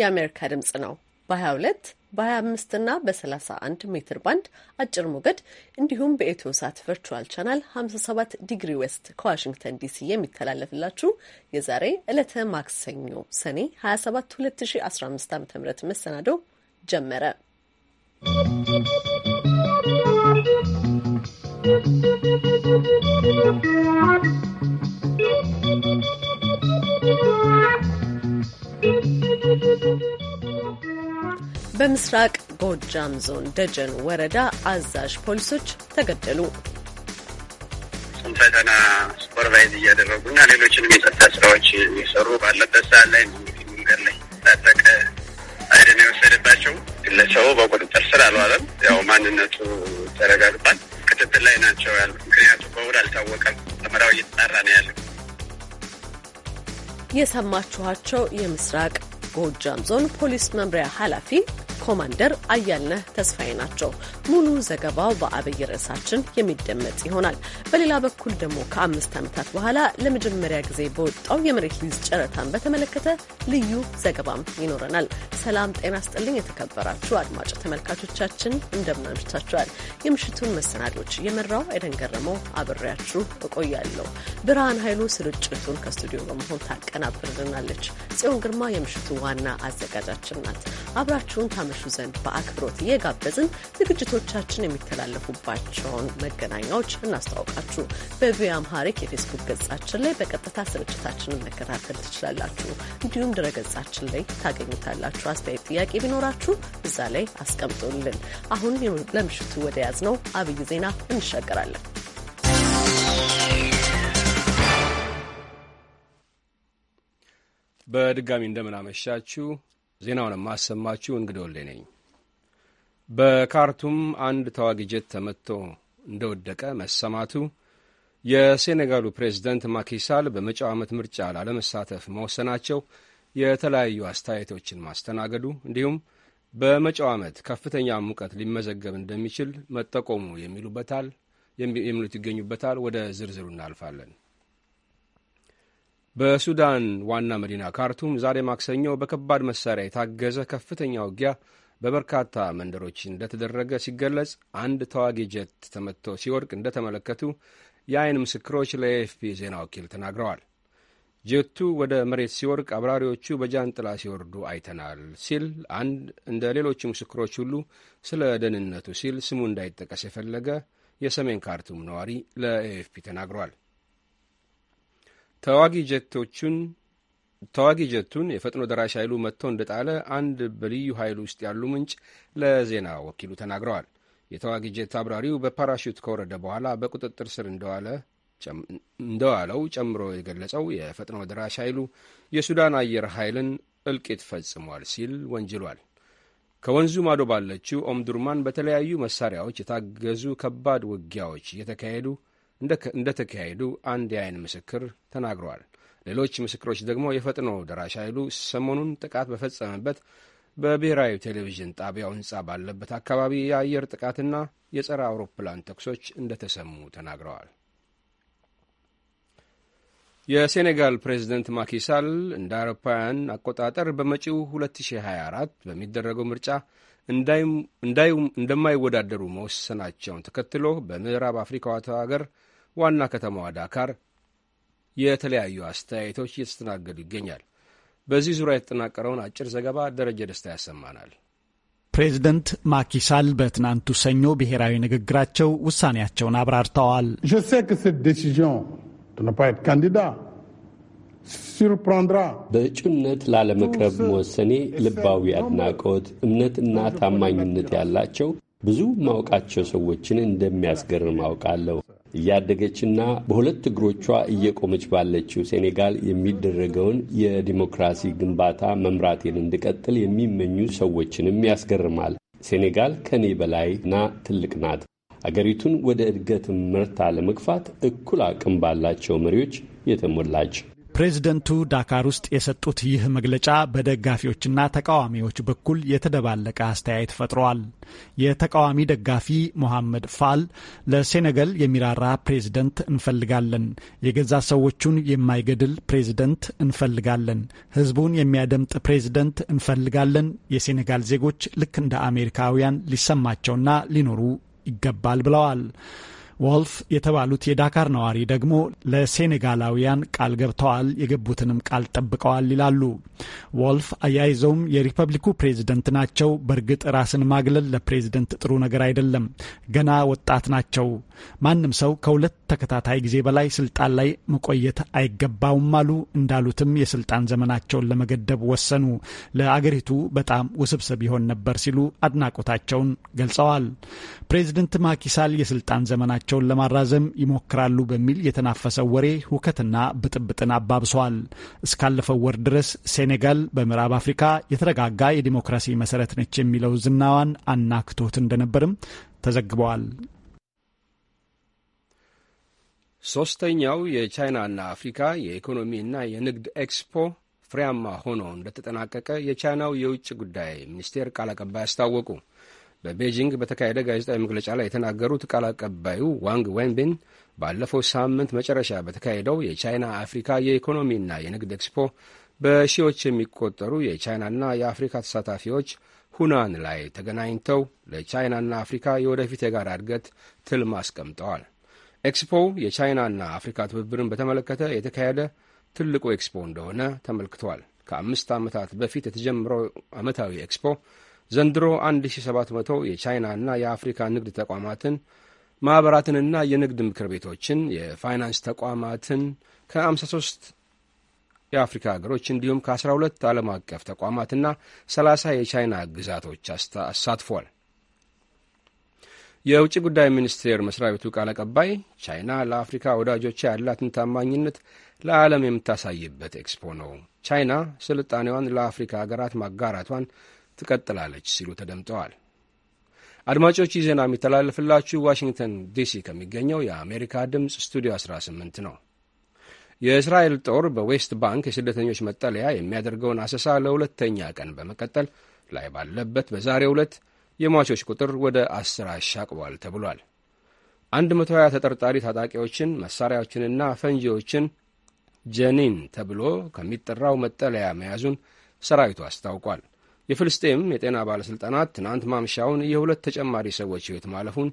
የአሜሪካ ድምጽ ነው። በ22 በ25 እና በ31 ሜትር ባንድ አጭር ሞገድ እንዲሁም በኢትዮ ሳት ቨርቹዋል ቻናል 57 ዲግሪ ዌስት ከዋሽንግተን ዲሲ የሚተላለፍላችሁ የዛሬ ዕለተ ማክሰኞ ሰኔ 27 2015 ዓ ም መሰናዶ ጀመረ። ¶¶ በምስራቅ ጎጃም ዞን ደጀን ወረዳ አዛዥ ፖሊሶች ተገደሉ። እሱም ፈተና ሱፐርቫይዝ እያደረጉና ሌሎችንም የጸጥታ ስራዎች እየሰሩ ባለበት ሰዓት ላይ መንገድ ላይ ታጠቀ አይደን የወሰደባቸው ግለሰቡ በቁጥጥር ስር አልዋለም። ያው ማንነቱ ተረጋግጧል። ክትትል ላይ ናቸው ያሉ። ምክንያቱ በውል አልታወቀም። ምርመራው እየተጣራ ነው ያለው። የሰማችኋቸው የምስራቅ ጎጃም ዞን ፖሊስ መምሪያ ኃላፊ ኮማንደር አያልነህ ተስፋዬ ናቸው። ሙሉ ዘገባው በአብይ ርዕሳችን የሚደመጥ ይሆናል። በሌላ በኩል ደግሞ ከአምስት ዓመታት በኋላ ለመጀመሪያ ጊዜ በወጣው የመሬት ሊዝ ጨረታን በተመለከተ ልዩ ዘገባም ይኖረናል። ሰላም ጤና ስጥልኝ። የተከበራችሁ አድማጭ ተመልካቾቻችን እንደምናምሽታችኋል። የምሽቱን መሰናዶች የመራው ኤደን ገረመው አብሬያችሁ እቆያለሁ። ብርሃን ኃይሉ ስርጭቱን ከስቱዲዮ በመሆን ታቀናብርልናለች። ጽዮን ግርማ የምሽቱ ዋና አዘጋጃችን ናት። አብራችሁን ታመሹ ዘንድ በአክብሮት እየጋበዝን ዝግጅቶቻችን የሚተላለፉባቸውን መገናኛዎች እናስተዋውቃችሁ። በቪኦኤ አምሃሪክ የፌስቡክ ገጻችን ላይ በቀጥታ ስርጭታችንን መከታተል ትችላላችሁ። እንዲሁም ድረ ገጻችን ላይ ታገኙታላችሁ። አስተያየት፣ ጥያቄ ቢኖራችሁ እዛ ላይ አስቀምጡልን። አሁን ለምሽቱ ወደ ያዝነው አብይ ዜና እንሻገራለን። በድጋሚ እንደምናመሻችሁ ዜናውን የማሰማችሁ እንግዶሌ ነኝ። በካርቱም አንድ ተዋጊ ጀት ተመቶ እንደወደቀ መሰማቱ፣ የሴኔጋሉ ፕሬዝደንት ማኪሳል በመጪው ዓመት ምርጫ ላለመሳተፍ መወሰናቸው የተለያዩ አስተያየቶችን ማስተናገዱ እንዲሁም በመጪው ዓመት ከፍተኛ ሙቀት ሊመዘገብ እንደሚችል መጠቆሙ የሚሉበታል የሚሉት ይገኙበታል። ወደ ዝርዝሩ እናልፋለን። በሱዳን ዋና መዲና ካርቱም ዛሬ ማክሰኞ በከባድ መሳሪያ የታገዘ ከፍተኛ ውጊያ በበርካታ መንደሮች እንደተደረገ ሲገለጽ አንድ ተዋጊ ጀት ተመትቶ ሲወድቅ እንደተመለከቱ የአይን ምስክሮች ለኤኤፍፒ ዜና ወኪል ተናግረዋል። ጀቱ ወደ መሬት ሲወድቅ አብራሪዎቹ በጃንጥላ ሲወርዱ አይተናል ሲል አንድ እንደ ሌሎቹ ምስክሮች ሁሉ ስለ ደህንነቱ ሲል ስሙ እንዳይጠቀስ የፈለገ የሰሜን ካርቱም ነዋሪ ለኤኤፍፒ ተናግሯል። ተዋጊ ጀቶቹን ተዋጊ ጀቱን የፈጥኖ ደራሽ ኃይሉ መጥቶ እንደጣለ አንድ በልዩ ኃይል ውስጥ ያሉ ምንጭ ለዜና ወኪሉ ተናግረዋል። የተዋጊ ጀት አብራሪው በፓራሹት ከወረደ በኋላ በቁጥጥር ስር እንደዋለው ጨምሮ የገለጸው የፈጥኖ ደራሽ ኃይሉ የሱዳን አየር ኃይልን እልቂት ፈጽሟል ሲል ወንጅሏል። ከወንዙ ማዶ ባለችው ኦምዱርማን በተለያዩ መሳሪያዎች የታገዙ ከባድ ውጊያዎች እየተካሄዱ እንደተካሄዱ አንድ የአይን ምስክር ተናግረዋል። ሌሎች ምስክሮች ደግሞ የፈጥኖ ደራሽ ኃይሉ ሰሞኑን ጥቃት በፈጸመበት በብሔራዊ ቴሌቪዥን ጣቢያው ሕንጻ ባለበት አካባቢ የአየር ጥቃትና የጸረ አውሮፕላን ተኩሶች እንደተሰሙ ተናግረዋል። የሴኔጋል ፕሬዚደንት ማኪሳል እንደ አውሮፓውያን አቆጣጠር በመጪው 2024 በሚደረገው ምርጫ እንደማይወዳደሩ መወሰናቸውን ተከትሎ በምዕራብ አፍሪካዊቷ ሀገር ዋና ከተማዋ ዳካር የተለያዩ አስተያየቶች እየተስተናገዱ ይገኛል። በዚህ ዙሪያ የተጠናቀረውን አጭር ዘገባ ደረጀ ደስታ ያሰማናል። ፕሬዚደንት ማኪሳል በትናንቱ ሰኞ ብሔራዊ ንግግራቸው ውሳኔያቸውን አብራርተዋል። በእጩነት ላለመቅረብ መወሰኔ ልባዊ አድናቆት፣ እምነትና ታማኝነት ያላቸው ብዙ ማውቃቸው ሰዎችን እንደሚያስገርም አውቃለሁ። እያደገችና በሁለት እግሮቿ እየቆመች ባለችው ሴኔጋል የሚደረገውን የዲሞክራሲ ግንባታ መምራቴን እንድቀጥል የሚመኙ ሰዎችንም ያስገርማል። ሴኔጋል ከኔ በላይና ትልቅ ናት። አገሪቱን ወደ እድገት ምርታ ለመግፋት እኩል አቅም ባላቸው መሪዎች የተሞላች ፕሬዝደንቱ ዳካር ውስጥ የሰጡት ይህ መግለጫ በደጋፊዎችና ተቃዋሚዎች በኩል የተደባለቀ አስተያየት ፈጥሯል። የተቃዋሚ ደጋፊ ሞሐመድ ፋል ለሴኔጋል የሚራራ ፕሬዝደንት እንፈልጋለን፣ የገዛ ሰዎቹን የማይገድል ፕሬዝደንት እንፈልጋለን፣ ህዝቡን የሚያደምጥ ፕሬዝደንት እንፈልጋለን። የሴኔጋል ዜጎች ልክ እንደ አሜሪካውያን ሊሰማቸውና ሊኖሩ ይገባል ብለዋል። ወልፍ የተባሉት የዳካር ነዋሪ ደግሞ ለሴኔጋላውያን ቃል ገብተዋል፣ የገቡትንም ቃል ጠብቀዋል ይላሉ። ወልፍ አያይዘውም የሪፐብሊኩ ፕሬዝደንት ናቸው። በእርግጥ ራስን ማግለል ለፕሬዝደንት ጥሩ ነገር አይደለም። ገና ወጣት ናቸው። ማንም ሰው ከሁለት ተከታታይ ጊዜ በላይ ስልጣን ላይ መቆየት አይገባውም አሉ። እንዳሉትም የስልጣን ዘመናቸውን ለመገደብ ወሰኑ። ለአገሪቱ በጣም ውስብስብ ይሆን ነበር ሲሉ አድናቆታቸውን ገልጸዋል። ፕሬዝደንት ማኪሳል የስልጣን ዘመናቸው ቆይታቸውን ለማራዘም ይሞክራሉ በሚል የተናፈሰው ወሬ ሁከትና ብጥብጥን አባብሰዋል። እስካለፈው ወር ድረስ ሴኔጋል በምዕራብ አፍሪካ የተረጋጋ የዲሞክራሲ መሰረት ነች የሚለው ዝናዋን አናክቶት እንደነበርም ተዘግበዋል። ሶስተኛው የቻይናና አፍሪካ የኢኮኖሚና የንግድ ኤክስፖ ፍሬያማ ሆኖ እንደተጠናቀቀ የቻይናው የውጭ ጉዳይ ሚኒስቴር ቃል አቀባይ አስታወቁ። በቤጂንግ በተካሄደ ጋዜጣዊ መግለጫ ላይ የተናገሩት ቃል አቀባዩ ዋንግ ወንቢን ባለፈው ሳምንት መጨረሻ በተካሄደው የቻይና አፍሪካ የኢኮኖሚና የንግድ ኤክስፖ በሺዎች የሚቆጠሩ የቻይናና የአፍሪካ ተሳታፊዎች ሁናን ላይ ተገናኝተው ለቻይናና አፍሪካ የወደፊት የጋራ እድገት ትልም አስቀምጠዋል። ኤክስፖው የቻይናና አፍሪካ ትብብርን በተመለከተ የተካሄደ ትልቁ ኤክስፖ እንደሆነ ተመልክቷል። ከአምስት ዓመታት በፊት የተጀመረው ዓመታዊ ኤክስፖ ዘንድሮ 1700 የቻይናና የአፍሪካ ንግድ ተቋማትን ማኅበራትንና የንግድ ምክር ቤቶችን የፋይናንስ ተቋማትን ከ53 የአፍሪካ ሀገሮች እንዲሁም ከ12 ዓለም አቀፍ ተቋማትና 30 የቻይና ግዛቶች አሳትፏል። የውጭ ጉዳይ ሚኒስቴር መስሪያ ቤቱ ቃል አቀባይ ቻይና ለአፍሪካ ወዳጆቿ ያላትን ታማኝነት ለዓለም የምታሳይበት ኤክስፖ ነው። ቻይና ስልጣኔዋን ለአፍሪካ ሀገራት ማጋራቷን ትቀጥላለች ሲሉ ተደምጠዋል። አድማጮች ይህ ዜና የሚተላለፍላችሁ ዋሽንግተን ዲሲ ከሚገኘው የአሜሪካ ድምፅ ስቱዲዮ 18 ነው። የእስራኤል ጦር በዌስት ባንክ የስደተኞች መጠለያ የሚያደርገውን አሰሳ ለሁለተኛ ቀን በመቀጠል ላይ ባለበት በዛሬው ዕለት የሟቾች ቁጥር ወደ አስር አሻቅቧል ተብሏል። 120 ተጠርጣሪ ታጣቂዎችን መሳሪያዎችንና ፈንጂዎችን ጀኒን ተብሎ ከሚጠራው መጠለያ መያዙን ሰራዊቱ አስታውቋል። የፍልስጤም የጤና ባለሥልጣናት ትናንት ማምሻውን የሁለት ተጨማሪ ሰዎች ሕይወት ማለፉን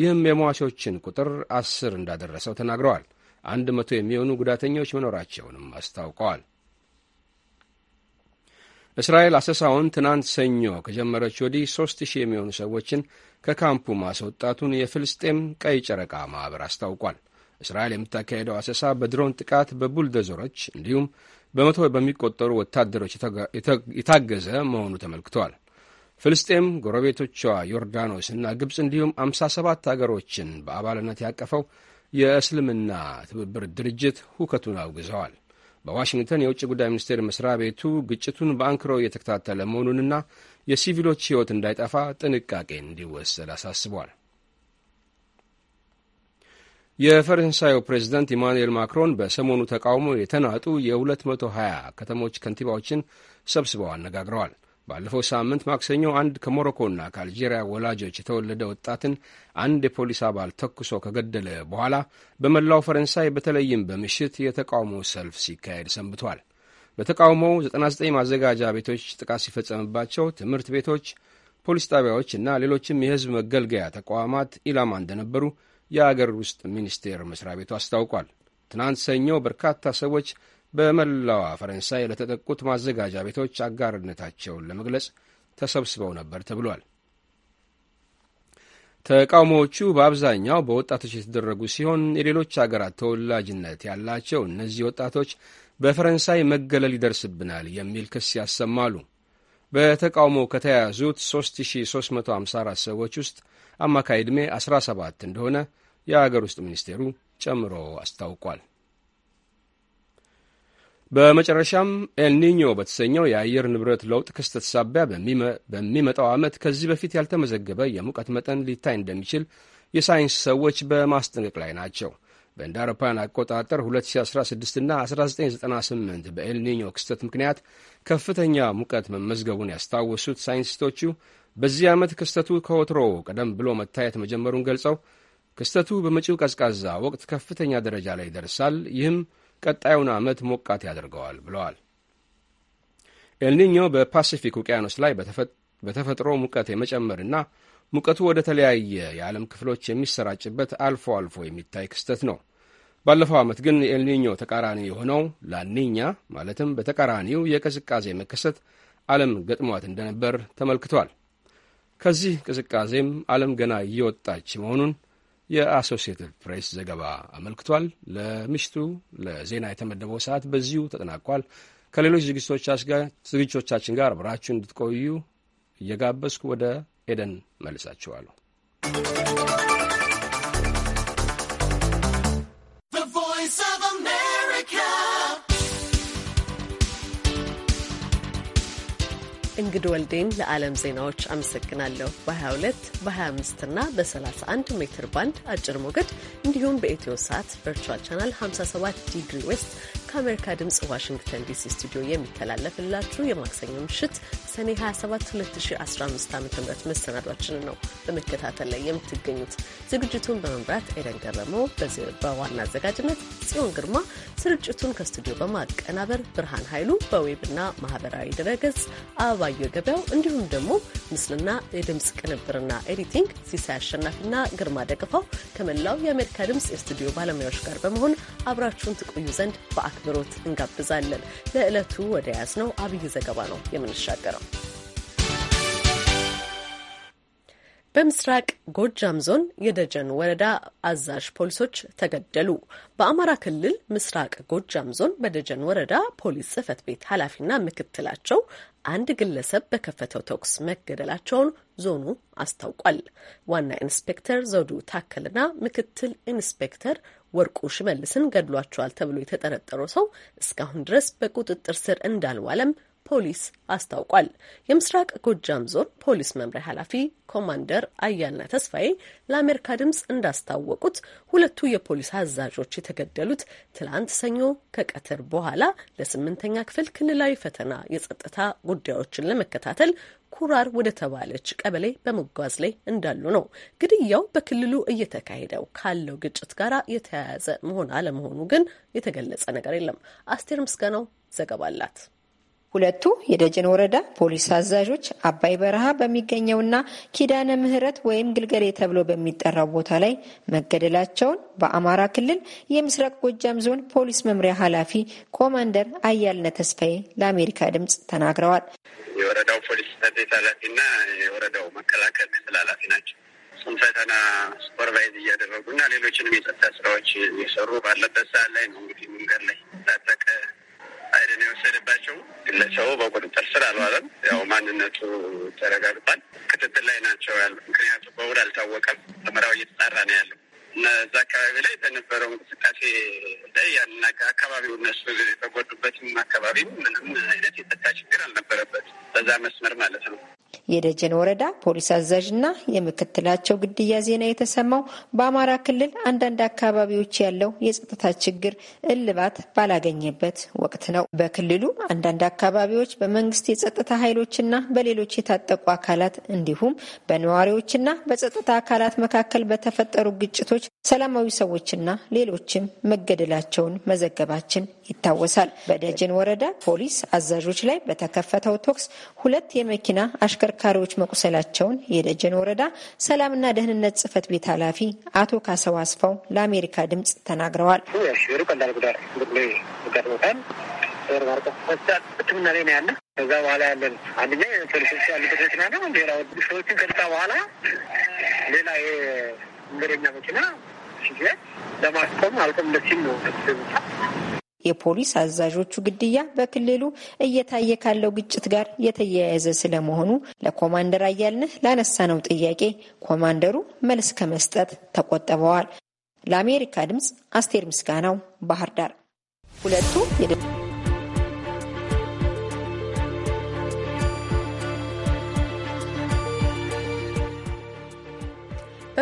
ይህም የሟቾችን ቁጥር አስር እንዳደረሰው ተናግረዋል። አንድ መቶ የሚሆኑ ጉዳተኞች መኖራቸውንም አስታውቀዋል። እስራኤል አሰሳውን ትናንት ሰኞ ከጀመረች ወዲህ ሦስት ሺህ የሚሆኑ ሰዎችን ከካምፑ ማስወጣቱን የፍልስጤም ቀይ ጨረቃ ማኅበር አስታውቋል። እስራኤል የምታካሄደው አሰሳ በድሮን ጥቃት፣ በቡልደዞሮች እንዲሁም በመቶ በሚቆጠሩ ወታደሮች የታገዘ መሆኑ ተመልክቷል። ፍልስጤም፣ ጎረቤቶቿ ዮርዳኖስ እና ግብፅ እንዲሁም 57 አገሮችን በአባልነት ያቀፈው የእስልምና ትብብር ድርጅት ሁከቱን አውግዘዋል። በዋሽንግተን የውጭ ጉዳይ ሚኒስቴር መስሪያ ቤቱ ግጭቱን በአንክሮ እየተከታተለ መሆኑንና የሲቪሎች ሕይወት እንዳይጠፋ ጥንቃቄ እንዲወሰድ አሳስቧል። የፈረንሳዩ ፕሬዚደንት ኢማኑኤል ማክሮን በሰሞኑ ተቃውሞ የተናጡ የ220 ከተሞች ከንቲባዎችን ሰብስበው አነጋግረዋል። ባለፈው ሳምንት ማክሰኞ አንድ ከሞሮኮና ከአልጄሪያ ወላጆች የተወለደ ወጣትን አንድ የፖሊስ አባል ተኩሶ ከገደለ በኋላ በመላው ፈረንሳይ በተለይም በምሽት የተቃውሞ ሰልፍ ሲካሄድ ሰንብቷል። በተቃውሞው 99 ማዘጋጃ ቤቶች ጥቃት ሲፈጸምባቸው፣ ትምህርት ቤቶች፣ ፖሊስ ጣቢያዎች እና ሌሎችም የሕዝብ መገልገያ ተቋማት ኢላማ እንደነበሩ የአገር ውስጥ ሚኒስቴር መስሪያ ቤቱ አስታውቋል። ትናንት ሰኞ በርካታ ሰዎች በመላዋ ፈረንሳይ ለተጠቁት ማዘጋጃ ቤቶች አጋርነታቸውን ለመግለጽ ተሰብስበው ነበር ተብሏል። ተቃውሞዎቹ በአብዛኛው በወጣቶች የተደረጉ ሲሆን የሌሎች አገራት ተወላጅነት ያላቸው እነዚህ ወጣቶች በፈረንሳይ መገለል ይደርስብናል የሚል ክስ ያሰማሉ። በተቃውሞ ከተያያዙት 3354 ሰዎች ውስጥ አማካይ ዕድሜ 17 እንደሆነ የአገር ውስጥ ሚኒስቴሩ ጨምሮ አስታውቋል። በመጨረሻም ኤልኒኞ በተሰኘው የአየር ንብረት ለውጥ ክስተት ሳቢያ በሚመጣው ዓመት ከዚህ በፊት ያልተመዘገበ የሙቀት መጠን ሊታይ እንደሚችል የሳይንስ ሰዎች በማስጠንቀቅ ላይ ናቸው። በእንደ አውሮፓውያን አቆጣጠር 2016ና 1998 በኤልኒኞ ክስተት ምክንያት ከፍተኛ ሙቀት መመዝገቡን ያስታወሱት ሳይንቲስቶቹ በዚህ ዓመት ክስተቱ ከወትሮ ቀደም ብሎ መታየት መጀመሩን ገልጸው ክስተቱ በመጪው ቀዝቃዛ ወቅት ከፍተኛ ደረጃ ላይ ይደርሳል። ይህም ቀጣዩን ዓመት ሞቃት ያደርገዋል ብለዋል። ኤልኒኞ በፓሲፊክ ውቅያኖስ ላይ በተፈጥሮ ሙቀት የመጨመርና ሙቀቱ ወደ ተለያየ የዓለም ክፍሎች የሚሰራጭበት አልፎ አልፎ የሚታይ ክስተት ነው። ባለፈው ዓመት ግን ኤልኒኞ ተቃራኒ የሆነው ላኒኛ ማለትም በተቃራኒው የቅዝቃዜ መከሰት ዓለም ገጥሟት እንደነበር ተመልክቷል። ከዚህ ቅዝቃዜም ዓለም ገና እየወጣች መሆኑን የአሶሲየትድ ፕሬስ ዘገባ አመልክቷል። ለምሽቱ ለዜና የተመደበው ሰዓት በዚሁ ተጠናቋል። ከሌሎች ዝግጅቶቻችን ጋር አብራችሁ እንድትቆዩ እየጋበዝኩ ወደ ኤደን መልሳችኋለሁ። እንግድ ወልዴን ለዓለም ዜናዎች አመሰግናለሁ። በ22 በ25 እና በ31 ሜትር ባንድ አጭር ሞገድ እንዲሁም በኢትዮ ሳት ቨርቹዋል ቻናል 57 ዲግሪ ዌስት ከአሜሪካ ድምፅ ዋሽንግተን ዲሲ ስቱዲዮ የሚተላለፍላችሁ የማክሰኞ ምሽት ሰኔ 27 2015 ዓ ም ነው በመከታተል ላይ የምትገኙት። ዝግጅቱን በመምራት ኤደን ገረመው፣ በዋና አዘጋጅነት ጽዮን ግርማ፣ ስርጭቱን ከስቱዲዮ በማቀናበር ብርሃን ኃይሉ በዌብና ማህበራዊ ድረገጽ አበባየ ገበያው እንዲሁም ደግሞ ምስልና የድምፅ ቅንብርና ኤዲቲንግ ሲሳይ አሸናፊና ግርማ ደቅፋው ከመላው የአሜሪካ ድምፅ የስቱዲዮ ባለሙያዎች ጋር በመሆን አብራችሁን ትቆዩ ዘንድ በአክብሮት እንጋብዛለን። ለዕለቱ ወደ ያዝነው አብይ ዘገባ ነው የምንሻገረው። በምስራቅ ጎጃም ዞን የደጀን ወረዳ አዛዥ ፖሊሶች ተገደሉ። በአማራ ክልል ምስራቅ ጎጃም ዞን በደጀን ወረዳ ፖሊስ ጽህፈት ቤት ኃላፊና ምክትላቸው አንድ ግለሰብ በከፈተው ተኩስ መገደላቸውን ዞኑ አስታውቋል። ዋና ኢንስፔክተር ዘውዱ ታከልና ምክትል ኢንስፔክተር ወርቁ ሽመልስን ገድሏቸዋል ተብሎ የተጠረጠረው ሰው እስካሁን ድረስ በቁጥጥር ስር እንዳልዋለም ፖሊስ አስታውቋል። የምስራቅ ጎጃም ዞን ፖሊስ መምሪያ ኃላፊ ኮማንደር አያልነ ተስፋዬ ለአሜሪካ ድምፅ እንዳስታወቁት ሁለቱ የፖሊስ አዛዦች የተገደሉት ትላንት ሰኞ ከቀትር በኋላ ለስምንተኛ ክፍል ክልላዊ ፈተና የጸጥታ ጉዳዮችን ለመከታተል ኩራር ወደ ተባለች ቀበሌ በመጓዝ ላይ እንዳሉ ነው። ግድያው በክልሉ እየተካሄደው ካለው ግጭት ጋር የተያያዘ መሆን አለመሆኑ ግን የተገለጸ ነገር የለም። አስቴር ምስጋናው ዘገባ አላት። ሁለቱ የደጀን ወረዳ ፖሊስ አዛዦች አባይ በረሃ በሚገኘውና ኪዳነ ምህረት ወይም ግልገሌ ተብሎ በሚጠራው ቦታ ላይ መገደላቸውን በአማራ ክልል የምስራቅ ጎጃም ዞን ፖሊስ መምሪያ ኃላፊ ኮማንደር አያልነ ተስፋዬ ለአሜሪካ ድምጽ ተናግረዋል። የወረዳው ፖሊስ ጽሕፈት ቤት ኃላፊና የወረዳው መከላከል ክፍል ኃላፊ ናቸው። እሱም ፈተና ሱፐርቫይዝ እያደረጉና ሌሎችንም የጸጥታ ስራዎች እየሰሩ ባለበት ሰዓት ላይ ነው እንግዲህ መንገድ ላይ ታጠቀ ነው የወሰደባቸው። ግለሰቡ በቁጥጥር ስር አልዋለም። ያው ማንነቱ ተረጋግጧል። ክትትል ላይ ናቸው ያሉ። ምክንያቱ በውል አልታወቀም። ምርመራው እየተጣራ ነው ያለው እና እዛ አካባቢ ላይ በነበረው እንቅስቃሴ ላይ ያንን አካባቢው እነሱ የተጎዱበትም አካባቢም ምንም አይነት የጸጥታ ችግር አልነበረበት በዛ መስመር ማለት ነው። የደጀን ወረዳ ፖሊስ አዛዥ እና የምክትላቸው ግድያ ዜና የተሰማው በአማራ ክልል አንዳንድ አካባቢዎች ያለው የጸጥታ ችግር እልባት ባላገኘበት ወቅት ነው። በክልሉ አንዳንድ አካባቢዎች በመንግስት የጸጥታ ኃይሎችና በሌሎች የታጠቁ አካላት እንዲሁም በነዋሪዎችና በጸጥታ አካላት መካከል በተፈጠሩ ግጭቶች ሰላማዊ ሰዎችና ሌሎችም መገደላቸውን መዘገባችን ይታወሳል። በደጀን ወረዳ ፖሊስ አዛዦች ላይ በተከፈተው ተኩስ ሁለት የመኪና አሽከርካ ተሽከርካሪዎች መቁሰላቸውን የደጀን ወረዳ ሰላምና ደህንነት ጽህፈት ቤት ኃላፊ አቶ ካሰው አስፋው ለአሜሪካ ድምጽ ተናግረዋል። ዶክተር ሕክምና ላይ ነው ያለ። ከዛ በኋላ ያለን አንደኛ ያሉበት መኪና ነው። ሰዎችን ከልጣ በኋላ ሌላ የመንገደኛ መኪና ለማስቆም አልቆም ደሲል ነው የፖሊስ አዛዦቹ ግድያ በክልሉ እየታየ ካለው ግጭት ጋር የተያያዘ ስለመሆኑ ለኮማንደር አያልንህ ላነሳነው ጥያቄ ኮማንደሩ መልስ ከመስጠት ተቆጥበዋል። ለአሜሪካ ድምፅ አስቴር ምስጋናው ባህር ዳር ሁለቱ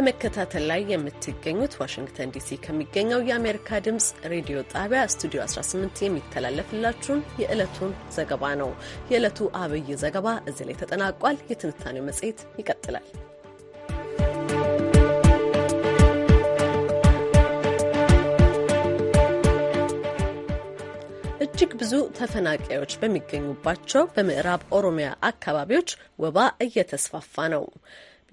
በመከታተል ላይ የምትገኙት ዋሽንግተን ዲሲ ከሚገኘው የአሜሪካ ድምፅ ሬዲዮ ጣቢያ ስቱዲዮ 18 የሚተላለፍላችሁን የዕለቱን ዘገባ ነው። የዕለቱ አብይ ዘገባ እዚህ ላይ ተጠናቋል። የትንታኔው መጽሔት ይቀጥላል። እጅግ ብዙ ተፈናቃዮች በሚገኙባቸው በምዕራብ ኦሮሚያ አካባቢዎች ወባ እየተስፋፋ ነው።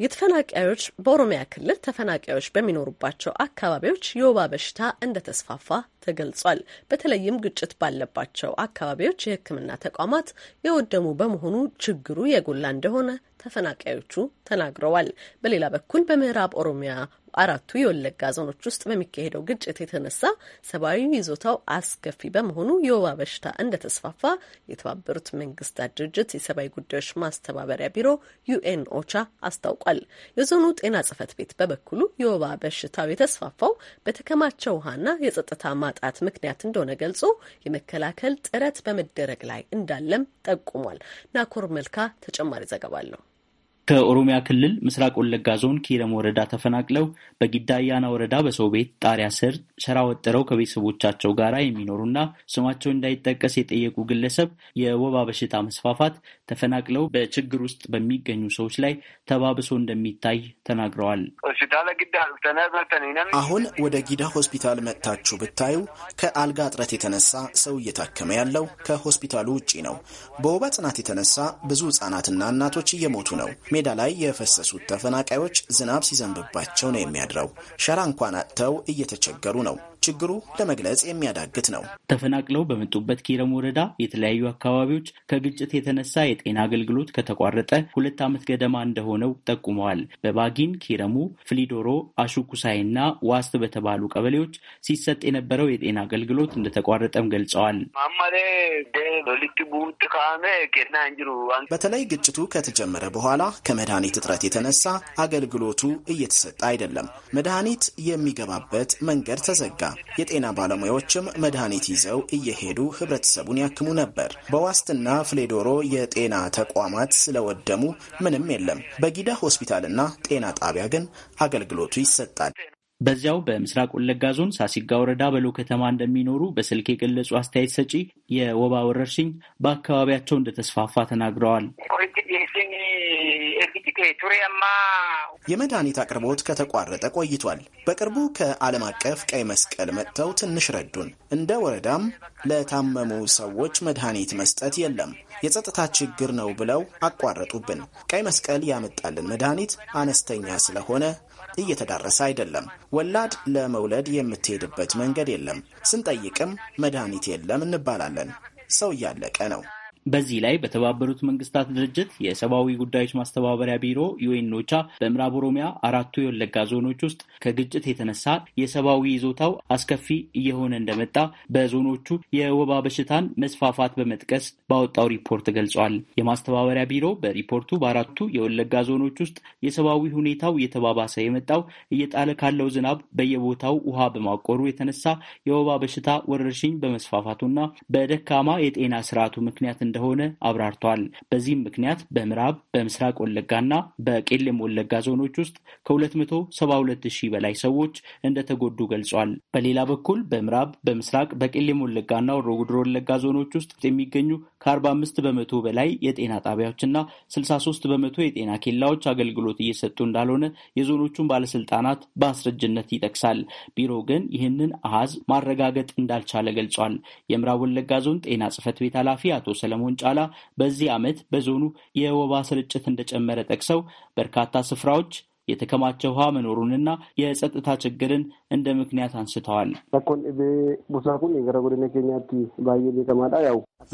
የተፈናቃዮች በኦሮሚያ ክልል ተፈናቃዮች በሚኖሩባቸው አካባቢዎች የወባ በሽታ እንደተስፋፋ ተገልጿል። በተለይም ግጭት ባለባቸው አካባቢዎች የሕክምና ተቋማት የወደሙ በመሆኑ ችግሩ የጎላ እንደሆነ ተፈናቃዮቹ ተናግረዋል። በሌላ በኩል በምዕራብ ኦሮሚያ በአራቱ የወለጋ ዞኖች ውስጥ በሚካሄደው ግጭት የተነሳ ሰብአዊ ይዞታው አስከፊ በመሆኑ የወባ በሽታ እንደተስፋፋ የተባበሩት መንግስታት ድርጅት የሰብአዊ ጉዳዮች ማስተባበሪያ ቢሮ ዩኤን ኦቻ አስታውቋል። የዞኑ ጤና ጽህፈት ቤት በበኩሉ የወባ በሽታው የተስፋፋው በተከማቸው ውሃና የጸጥታ ማጣት ምክንያት እንደሆነ ገልጾ የመከላከል ጥረት በመደረግ ላይ እንዳለም ጠቁሟል። ናኮር መልካ ተጨማሪ ዘገባ አለው። ከኦሮሚያ ክልል ምስራቅ ወለጋ ዞን ኪረም ወረዳ ተፈናቅለው በጊዳ አያና ወረዳ በሰው ቤት ጣሪያ ስር ሸራ ወጥረው ከቤተሰቦቻቸው ጋር የሚኖሩና ስማቸው እንዳይጠቀስ የጠየቁ ግለሰብ የወባ በሽታ መስፋፋት ተፈናቅለው በችግር ውስጥ በሚገኙ ሰዎች ላይ ተባብሶ እንደሚታይ ተናግረዋል። አሁን ወደ ጊዳ ሆስፒታል መጥታችሁ ብታዩ ከአልጋ እጥረት የተነሳ ሰው እየታከመ ያለው ከሆስፒታሉ ውጪ ነው። በወባ ጽናት የተነሳ ብዙ ህጻናትና እናቶች እየሞቱ ነው። ሜዳ ላይ የፈሰሱት ተፈናቃዮች ዝናብ ሲዘንብባቸው ነው የሚያድረው። ሸራ እንኳን አጥተው እየተቸገሩ ነው። ችግሩ ለመግለጽ የሚያዳግት ነው። ተፈናቅለው በመጡበት ኪረም ወረዳ የተለያዩ አካባቢዎች ከግጭት የተነሳ የጤና አገልግሎት ከተቋረጠ ሁለት ዓመት ገደማ እንደሆነው ጠቁመዋል። በባጊን ኪረሙ፣ ፍሊዶሮ፣ አሹኩሳይ እና ዋስት በተባሉ ቀበሌዎች ሲሰጥ የነበረው የጤና አገልግሎት እንደተቋረጠም ገልጸዋል። በተለይ ግጭቱ ከተጀመረ በኋላ ከመድኃኒት እጥረት የተነሳ አገልግሎቱ እየተሰጠ አይደለም። መድኃኒት የሚገባበት መንገድ ተዘጋ። የጤና ባለሙያዎችም መድኃኒት ይዘው እየሄዱ ህብረተሰቡን ያክሙ ነበር። በዋስትና ፍሌዶሮ የጤና ተቋማት ስለወደሙ ምንም የለም። በጊዳ ሆስፒታልና ጤና ጣቢያ ግን አገልግሎቱ ይሰጣል። በዚያው በምስራቅ ወለጋ ዞን ሳሲጋ ወረዳ በሎ ከተማ እንደሚኖሩ በስልክ የገለጹ አስተያየት ሰጪ የወባ ወረርሽኝ በአካባቢያቸው እንደተስፋፋ ተናግረዋል። የመድኃኒት አቅርቦት ከተቋረጠ ቆይቷል። በቅርቡ ከዓለም አቀፍ ቀይ መስቀል መጥተው ትንሽ ረዱን። እንደ ወረዳም ለታመሙ ሰዎች መድኃኒት መስጠት የለም የጸጥታ ችግር ነው ብለው አቋረጡብን። ቀይ መስቀል ያመጣልን መድኃኒት አነስተኛ ስለሆነ እየተዳረሰ አይደለም። ወላድ ለመውለድ የምትሄድበት መንገድ የለም። ስንጠይቅም መድኃኒት የለም እንባላለን። ሰው እያለቀ ነው። በዚህ ላይ በተባበሩት መንግስታት ድርጅት የሰብአዊ ጉዳዮች ማስተባበሪያ ቢሮ ኖቻ በምዕራብ ኦሮሚያ አራቱ የወለጋ ዞኖች ውስጥ ከግጭት የተነሳ የሰብአዊ ይዞታው አስከፊ እየሆነ እንደመጣ በዞኖቹ የወባ በሽታን መስፋፋት በመጥቀስ ባወጣው ሪፖርት ገልጿል። የማስተባበሪያ ቢሮ በሪፖርቱ በአራቱ የወለጋ ዞኖች ውስጥ የሰብአዊ ሁኔታው እየተባባሰ የመጣው እየጣለ ካለው ዝናብ በየቦታው ውሃ በማቆሩ የተነሳ የወባ በሽታ ወረርሽኝ በመስፋፋቱና በደካማ የጤና ስርዓቱ ምክንያት እንደ እንደሆነ አብራርተዋል። በዚህም ምክንያት በምዕራብ በምስራቅ ወለጋና በቄሌም ወለጋ ዞኖች ውስጥ ከ272 ሺህ በላይ ሰዎች እንደተጎዱ ገልጿል። በሌላ በኩል በምዕራብ በምስራቅ በቄሌም ወለጋና ወሮ ወለጋ ዞኖች ውስጥ የሚገኙ ከ45 በመቶ በላይ የጤና ጣቢያዎችና 63 በመቶ የጤና ኬላዎች አገልግሎት እየሰጡ እንዳልሆነ የዞኖቹን ባለስልጣናት በአስረጅነት ይጠቅሳል። ቢሮ ግን ይህንን አሃዝ ማረጋገጥ እንዳልቻለ ገልጿል። የምዕራብ ወለጋ ዞን ጤና ጽህፈት ቤት ኃላፊ አቶ ሰለሞን ሰለሞን ጫላ በዚህ ዓመት በዞኑ የወባ ስርጭት እንደጨመረ ጠቅሰው በርካታ ስፍራዎች የተከማቸ ውሃ መኖሩንና የጸጥታ ችግርን እንደ ምክንያት አንስተዋል።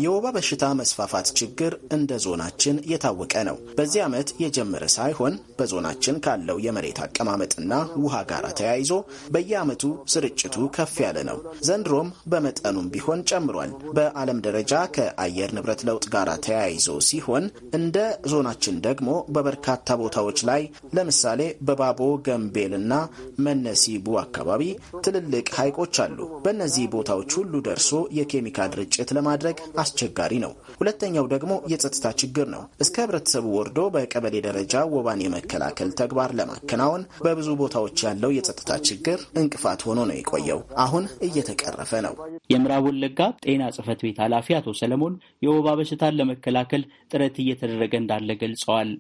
የወባ በሽታ መስፋፋት ችግር እንደ ዞናችን የታወቀ ነው። በዚህ ዓመት የጀመረ ሳይሆን በዞናችን ካለው የመሬት አቀማመጥና ውሃ ጋር ተያይዞ በየዓመቱ ስርጭቱ ከፍ ያለ ነው። ዘንድሮም በመጠኑም ቢሆን ጨምሯል። በዓለም ደረጃ ከአየር ንብረት ለውጥ ጋር ተያይዞ ሲሆን እንደ ዞናችን ደግሞ በበርካታ ቦታዎች ላይ ለምሳሌ በባቦ ገምቤልና መነሲቡ አካባቢ አካባቢ ትልልቅ ሐይቆች አሉ። በእነዚህ ቦታዎች ሁሉ ደርሶ የኬሚካል ርጭት ለማድረግ አስቸጋሪ ነው። ሁለተኛው ደግሞ የጸጥታ ችግር ነው። እስከ ህብረተሰቡ ወርዶ በቀበሌ ደረጃ ወባን የመከላከል ተግባር ለማከናወን በብዙ ቦታዎች ያለው የጸጥታ ችግር እንቅፋት ሆኖ ነው የቆየው። አሁን እየተቀረፈ ነው። የምዕራብ ወለጋ ጤና ጽህፈት ቤት ኃላፊ አቶ ሰለሞን የወባ በሽታን ለመከላከል ጥረት እየተደረገ እንዳለ ገልጸዋል።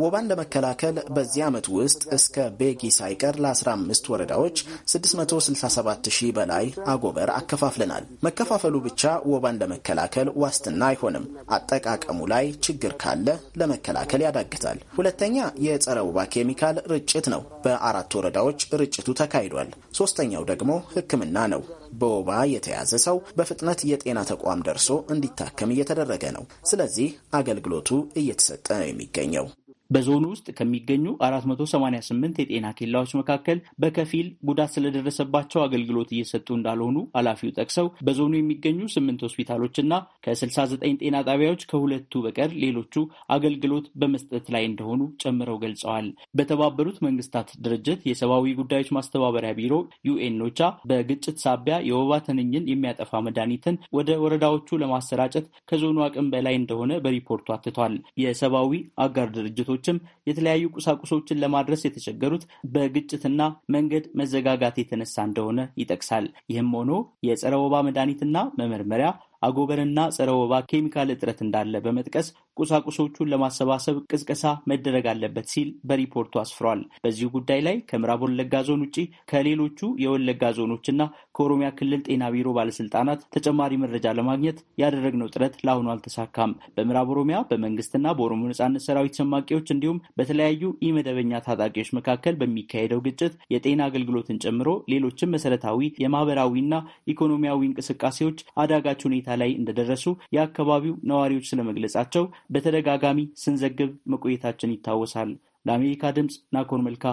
ወባን ለመከላከል በዚህ ዓመት ውስጥ እስከ ቤጊ ሳይቀር ለ15 ወረዳዎች 667 ሺህ በላይ አጎበር አከፋፍለናል። መከፋፈሉ ብቻ ወባን ለመከላከል ዋስትና አይሆንም። አጠቃቀሙ ላይ ችግር ካለ ለመከላከል ያዳግታል። ሁለተኛ የጸረ ወባ ኬሚካል ርጭት ነው። በአራት ወረዳዎች ርጭቱ ተካሂዷል። ሶስተኛው ደግሞ ሕክምና ነው። በወባ የተያዘ ሰው በፍጥነት የጤና ተቋም ደርሶ እንዲታከም እየተደረገ ነው። ስለዚህ አገልግሎቱ እየተሰጠ ነው የሚገኘው። በዞኑ ውስጥ ከሚገኙ 488 የጤና ኬላዎች መካከል በከፊል ጉዳት ስለደረሰባቸው አገልግሎት እየሰጡ እንዳልሆኑ ኃላፊው ጠቅሰው በዞኑ የሚገኙ ስምንት ሆስፒታሎችና ከ69 ጤና ጣቢያዎች ከሁለቱ በቀር ሌሎቹ አገልግሎት በመስጠት ላይ እንደሆኑ ጨምረው ገልጸዋል። በተባበሩት መንግስታት ድርጅት የሰብአዊ ጉዳዮች ማስተባበሪያ ቢሮ ዩኤኖቻ በግጭት ሳቢያ የወባ ትንኝን የሚያጠፋ መድኃኒትን ወደ ወረዳዎቹ ለማሰራጨት ከዞኑ አቅም በላይ እንደሆነ በሪፖርቱ አትቷል። የሰብአዊ አጋር ድርጅቶች ሌሎችም የተለያዩ ቁሳቁሶችን ለማድረስ የተቸገሩት በግጭትና መንገድ መዘጋጋት የተነሳ እንደሆነ ይጠቅሳል። ይህም ሆኖ የጸረ ወባ መድኃኒትና መመርመሪያ አጎበርና ጸረ ወባ ኬሚካል እጥረት እንዳለ በመጥቀስ ቁሳቁሶቹን ለማሰባሰብ ቅስቀሳ መደረግ አለበት ሲል በሪፖርቱ አስፍሯል። በዚሁ ጉዳይ ላይ ከምዕራብ ወለጋ ዞን ውጭ ከሌሎቹ የወለጋ ዞኖችና ከኦሮሚያ ክልል ጤና ቢሮ ባለስልጣናት ተጨማሪ መረጃ ለማግኘት ያደረግነው ጥረት ለአሁኑ አልተሳካም። በምዕራብ ኦሮሚያ በመንግስትና በኦሮሞ ነጻነት ሰራዊት ሸማቂዎች እንዲሁም በተለያዩ ኢመደበኛ ታጣቂዎች መካከል በሚካሄደው ግጭት የጤና አገልግሎትን ጨምሮ ሌሎችም መሰረታዊ የማህበራዊና ኢኮኖሚያዊ እንቅስቃሴዎች አዳጋች ሁኔታ ላይ እንደደረሱ የአካባቢው ነዋሪዎች ስለመግለጻቸው በተደጋጋሚ ስንዘግብ መቆየታችን ይታወሳል። ለአሜሪካ ድምፅ ናኮር መልካ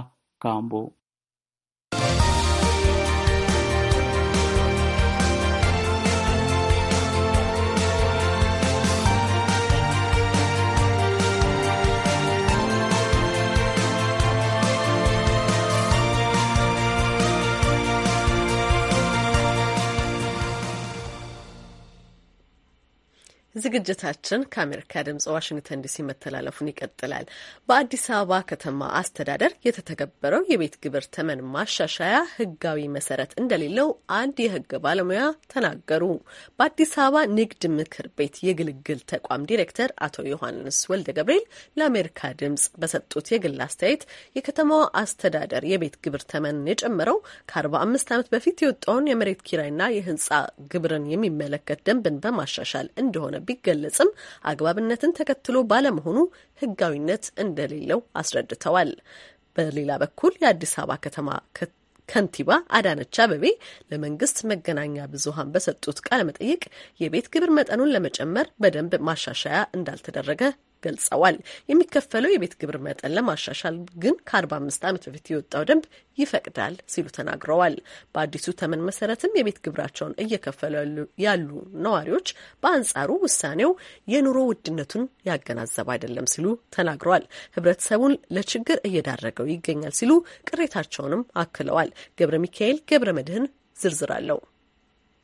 ካምቦ ዝግጅታችን ከአሜሪካ ድምጽ ዋሽንግተን ዲሲ መተላለፉን ይቀጥላል። በአዲስ አበባ ከተማ አስተዳደር የተተገበረው የቤት ግብር ተመን ማሻሻያ ሕጋዊ መሰረት እንደሌለው አንድ የሕግ ባለሙያ ተናገሩ። በአዲስ አበባ ንግድ ምክር ቤት የግልግል ተቋም ዲሬክተር አቶ ዮሐንስ ወልደ ገብርኤል ለአሜሪካ ድምጽ በሰጡት የግል አስተያየት የከተማዋ አስተዳደር የቤት ግብር ተመንን የጨመረው ከ45 ዓመት በፊት የወጣውን የመሬት ኪራይና የህንፃ ግብርን የሚመለከት ደንብን በማሻሻል እንደሆነ ቢገለጽም አግባብነትን ተከትሎ ባለመሆኑ ህጋዊነት እንደሌለው አስረድተዋል። በሌላ በኩል የአዲስ አበባ ከተማ ከንቲባ አዳነች አበቤ ለመንግስት መገናኛ ብዙሃን በሰጡት ቃለ መጠይቅ የቤት ግብር መጠኑን ለመጨመር በደንብ ማሻሻያ እንዳልተደረገ ገልጸዋል። የሚከፈለው የቤት ግብር መጠን ለማሻሻል ግን ከ45 ዓመት በፊት የወጣው ደንብ ይፈቅዳል ሲሉ ተናግረዋል። በአዲሱ ተመን መሰረትም የቤት ግብራቸውን እየከፈሉ ያሉ ነዋሪዎች በአንጻሩ ውሳኔው የኑሮ ውድነቱን ያገናዘበ አይደለም ሲሉ ተናግረዋል። ህብረተሰቡን ለችግር እየዳረገው ይገኛል ሲሉ ቅሬታቸውንም አክለዋል። ገብረ ሚካኤል ገብረ መድህን ዝርዝር አለው።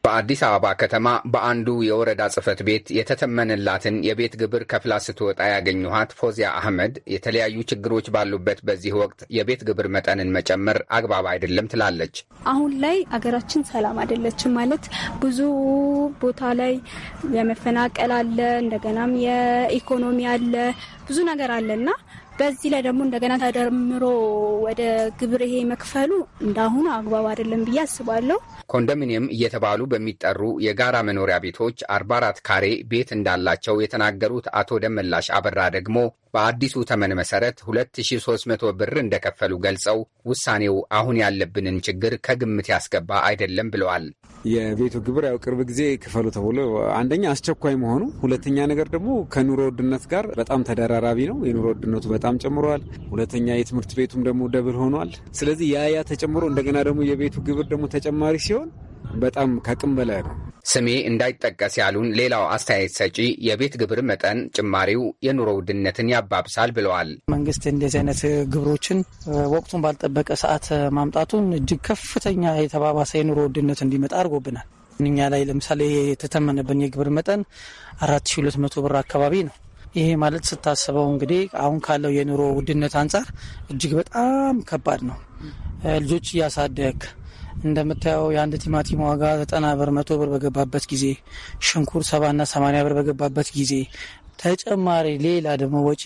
በአዲስ አበባ ከተማ በአንዱ የወረዳ ጽህፈት ቤት የተተመነላትን የቤት ግብር ከፍላ ስትወጣ ያገኘኋት ፎዚያ አህመድ የተለያዩ ችግሮች ባሉበት በዚህ ወቅት የቤት ግብር መጠንን መጨመር አግባብ አይደለም ትላለች። አሁን ላይ አገራችን ሰላም አይደለችም። ማለት ብዙ ቦታ ላይ የመፈናቀል አለ፣ እንደገናም የኢኮኖሚ አለ፣ ብዙ ነገር አለና በዚህ ላይ ደግሞ እንደገና ተደምሮ ወደ ግብር ይሄ መክፈሉ እንዳሁኑ አግባብ አይደለም ብዬ አስባለሁ። ኮንዶሚኒየም እየተባሉ በሚጠሩ የጋራ መኖሪያ ቤቶች አርባ አራት ካሬ ቤት እንዳላቸው የተናገሩት አቶ ደመላሽ አበራ ደግሞ በአዲሱ ተመን መሰረት 2300 ብር እንደከፈሉ ገልጸው ውሳኔው አሁን ያለብንን ችግር ከግምት ያስገባ አይደለም ብለዋል። የቤቱ ግብር ያው ቅርብ ጊዜ ክፈሉ ተብሎ አንደኛ አስቸኳይ መሆኑ፣ ሁለተኛ ነገር ደግሞ ከኑሮ ውድነት ጋር በጣም ተደራራቢ ነው። የኑሮ ውድነቱ በጣም ጨምረዋል። ሁለተኛ የትምህርት ቤቱም ደግሞ ደብል ሆኗል። ስለዚህ ያ ያ ተጨምሮ እንደገና ደግሞ የቤቱ ግብር ደግሞ ተጨማሪ ሲሆን በጣም ከቅም በላይ ነው። ስሜ እንዳይጠቀስ ያሉን ሌላው አስተያየት ሰጪ የቤት ግብር መጠን ጭማሪው የኑሮ ውድነትን ያባብሳል ብለዋል። መንግስት እንደዚህ አይነት ግብሮችን ወቅቱን ባልጠበቀ ሰዓት ማምጣቱን እጅግ ከፍተኛ የተባባሰ የኑሮ ውድነት እንዲመጣ አድርጎብናል። እኛ ላይ ለምሳሌ የተተመነብን የግብር መጠን አራት ሺ ሁለት መቶ ብር አካባቢ ነው። ይሄ ማለት ስታስበው እንግዲህ አሁን ካለው የኑሮ ውድነት አንጻር እጅግ በጣም ከባድ ነው። ልጆች እያሳደግ እንደምታየው የአንድ ቲማቲም ዋጋ ዘጠና ብር መቶ ብር በገባበት ጊዜ ሽንኩር ሰባና ሰማኒያ ብር በገባበት ጊዜ ተጨማሪ ሌላ ደግሞ ወጪ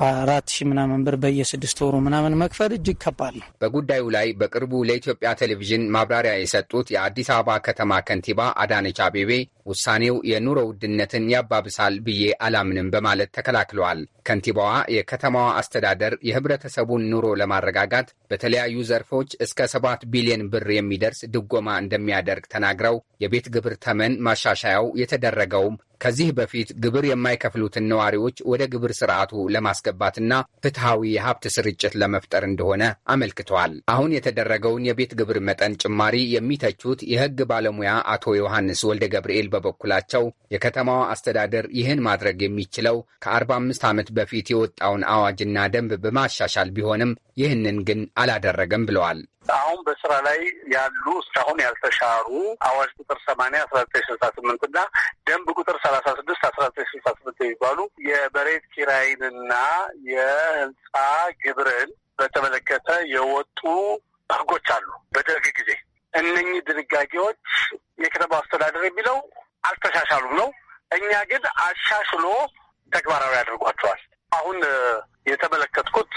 በአራት ሺህ ምናምን ብር በየስድስት ወሩ ምናምን መክፈል እጅግ ከባድ ነው። በጉዳዩ ላይ በቅርቡ ለኢትዮጵያ ቴሌቪዥን ማብራሪያ የሰጡት የአዲስ አበባ ከተማ ከንቲባ አዳነች አቤቤ ውሳኔው የኑሮ ውድነትን ያባብሳል ብዬ አላምንም በማለት ተከላክለዋል። ከንቲባዋ የከተማዋ አስተዳደር የህብረተሰቡን ኑሮ ለማረጋጋት በተለያዩ ዘርፎች እስከ ሰባት ቢሊዮን ብር የሚደርስ ድጎማ እንደሚያደርግ ተናግረው የቤት ግብር ተመን ማሻሻያው የተደረገውም ከዚህ በፊት ግብር የማይከፍሉትን ነዋሪዎች ወደ ግብር ስርዓቱ ለማስገባትና ፍትሐዊ የሀብት ስርጭት ለመፍጠር እንደሆነ አመልክተዋል። አሁን የተደረገውን የቤት ግብር መጠን ጭማሪ የሚተቹት የህግ ባለሙያ አቶ ዮሐንስ ወልደ ገብርኤል በበኩላቸው የከተማዋ አስተዳደር ይህን ማድረግ የሚችለው ከ45 ዓመት በፊት የወጣውን አዋጅና ደንብ በማሻሻል ቢሆንም ይህንን ግን አላደረገም ብለዋል። አሁን በስራ ላይ ያሉ እስካሁን ያልተሻሩ አዋጅ ቁጥር ሰማንያ አስራ ዘጠኝ ስልሳ ስምንት እና ደንብ ቁጥር ሰላሳ ስድስት አስራ ዘጠኝ ስልሳ ስምንት የሚባሉ የመሬት ኪራይንና የህንፃ ግብርን በተመለከተ የወጡ ህጎች አሉ በደርግ ጊዜ እነኚህ ድንጋጌዎች የከተማ አስተዳደር የሚለው አልተሻሻሉም ነው። እኛ ግን አሻሽሎ ተግባራዊ አድርጓቸዋል። አሁን የተመለከትኩት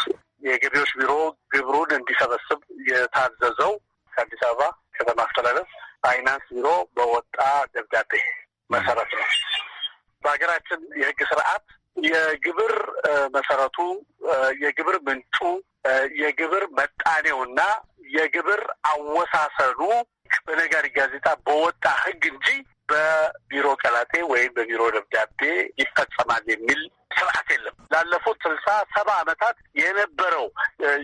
የገቢዎች ቢሮ ግብሩን እንዲሰበስብ የታዘዘው ከአዲስ አበባ ከተማ አስተላለፍ ፋይናንስ ቢሮ በወጣ ደብዳቤ መሰረት ነው። በሀገራችን የህግ ስርዓት የግብር መሰረቱ፣ የግብር ምንጩ፣ የግብር መጣኔውና የግብር አወሳሰዱ በነጋሪት ጋዜጣ በወጣ ህግ እንጂ በቢሮ ቀላጤ ወይም በቢሮ ደብዳቤ ይፈጸማል የሚል ስርዓት የለም። ላለፉት ስልሳ ሰባ ዓመታት የነበረው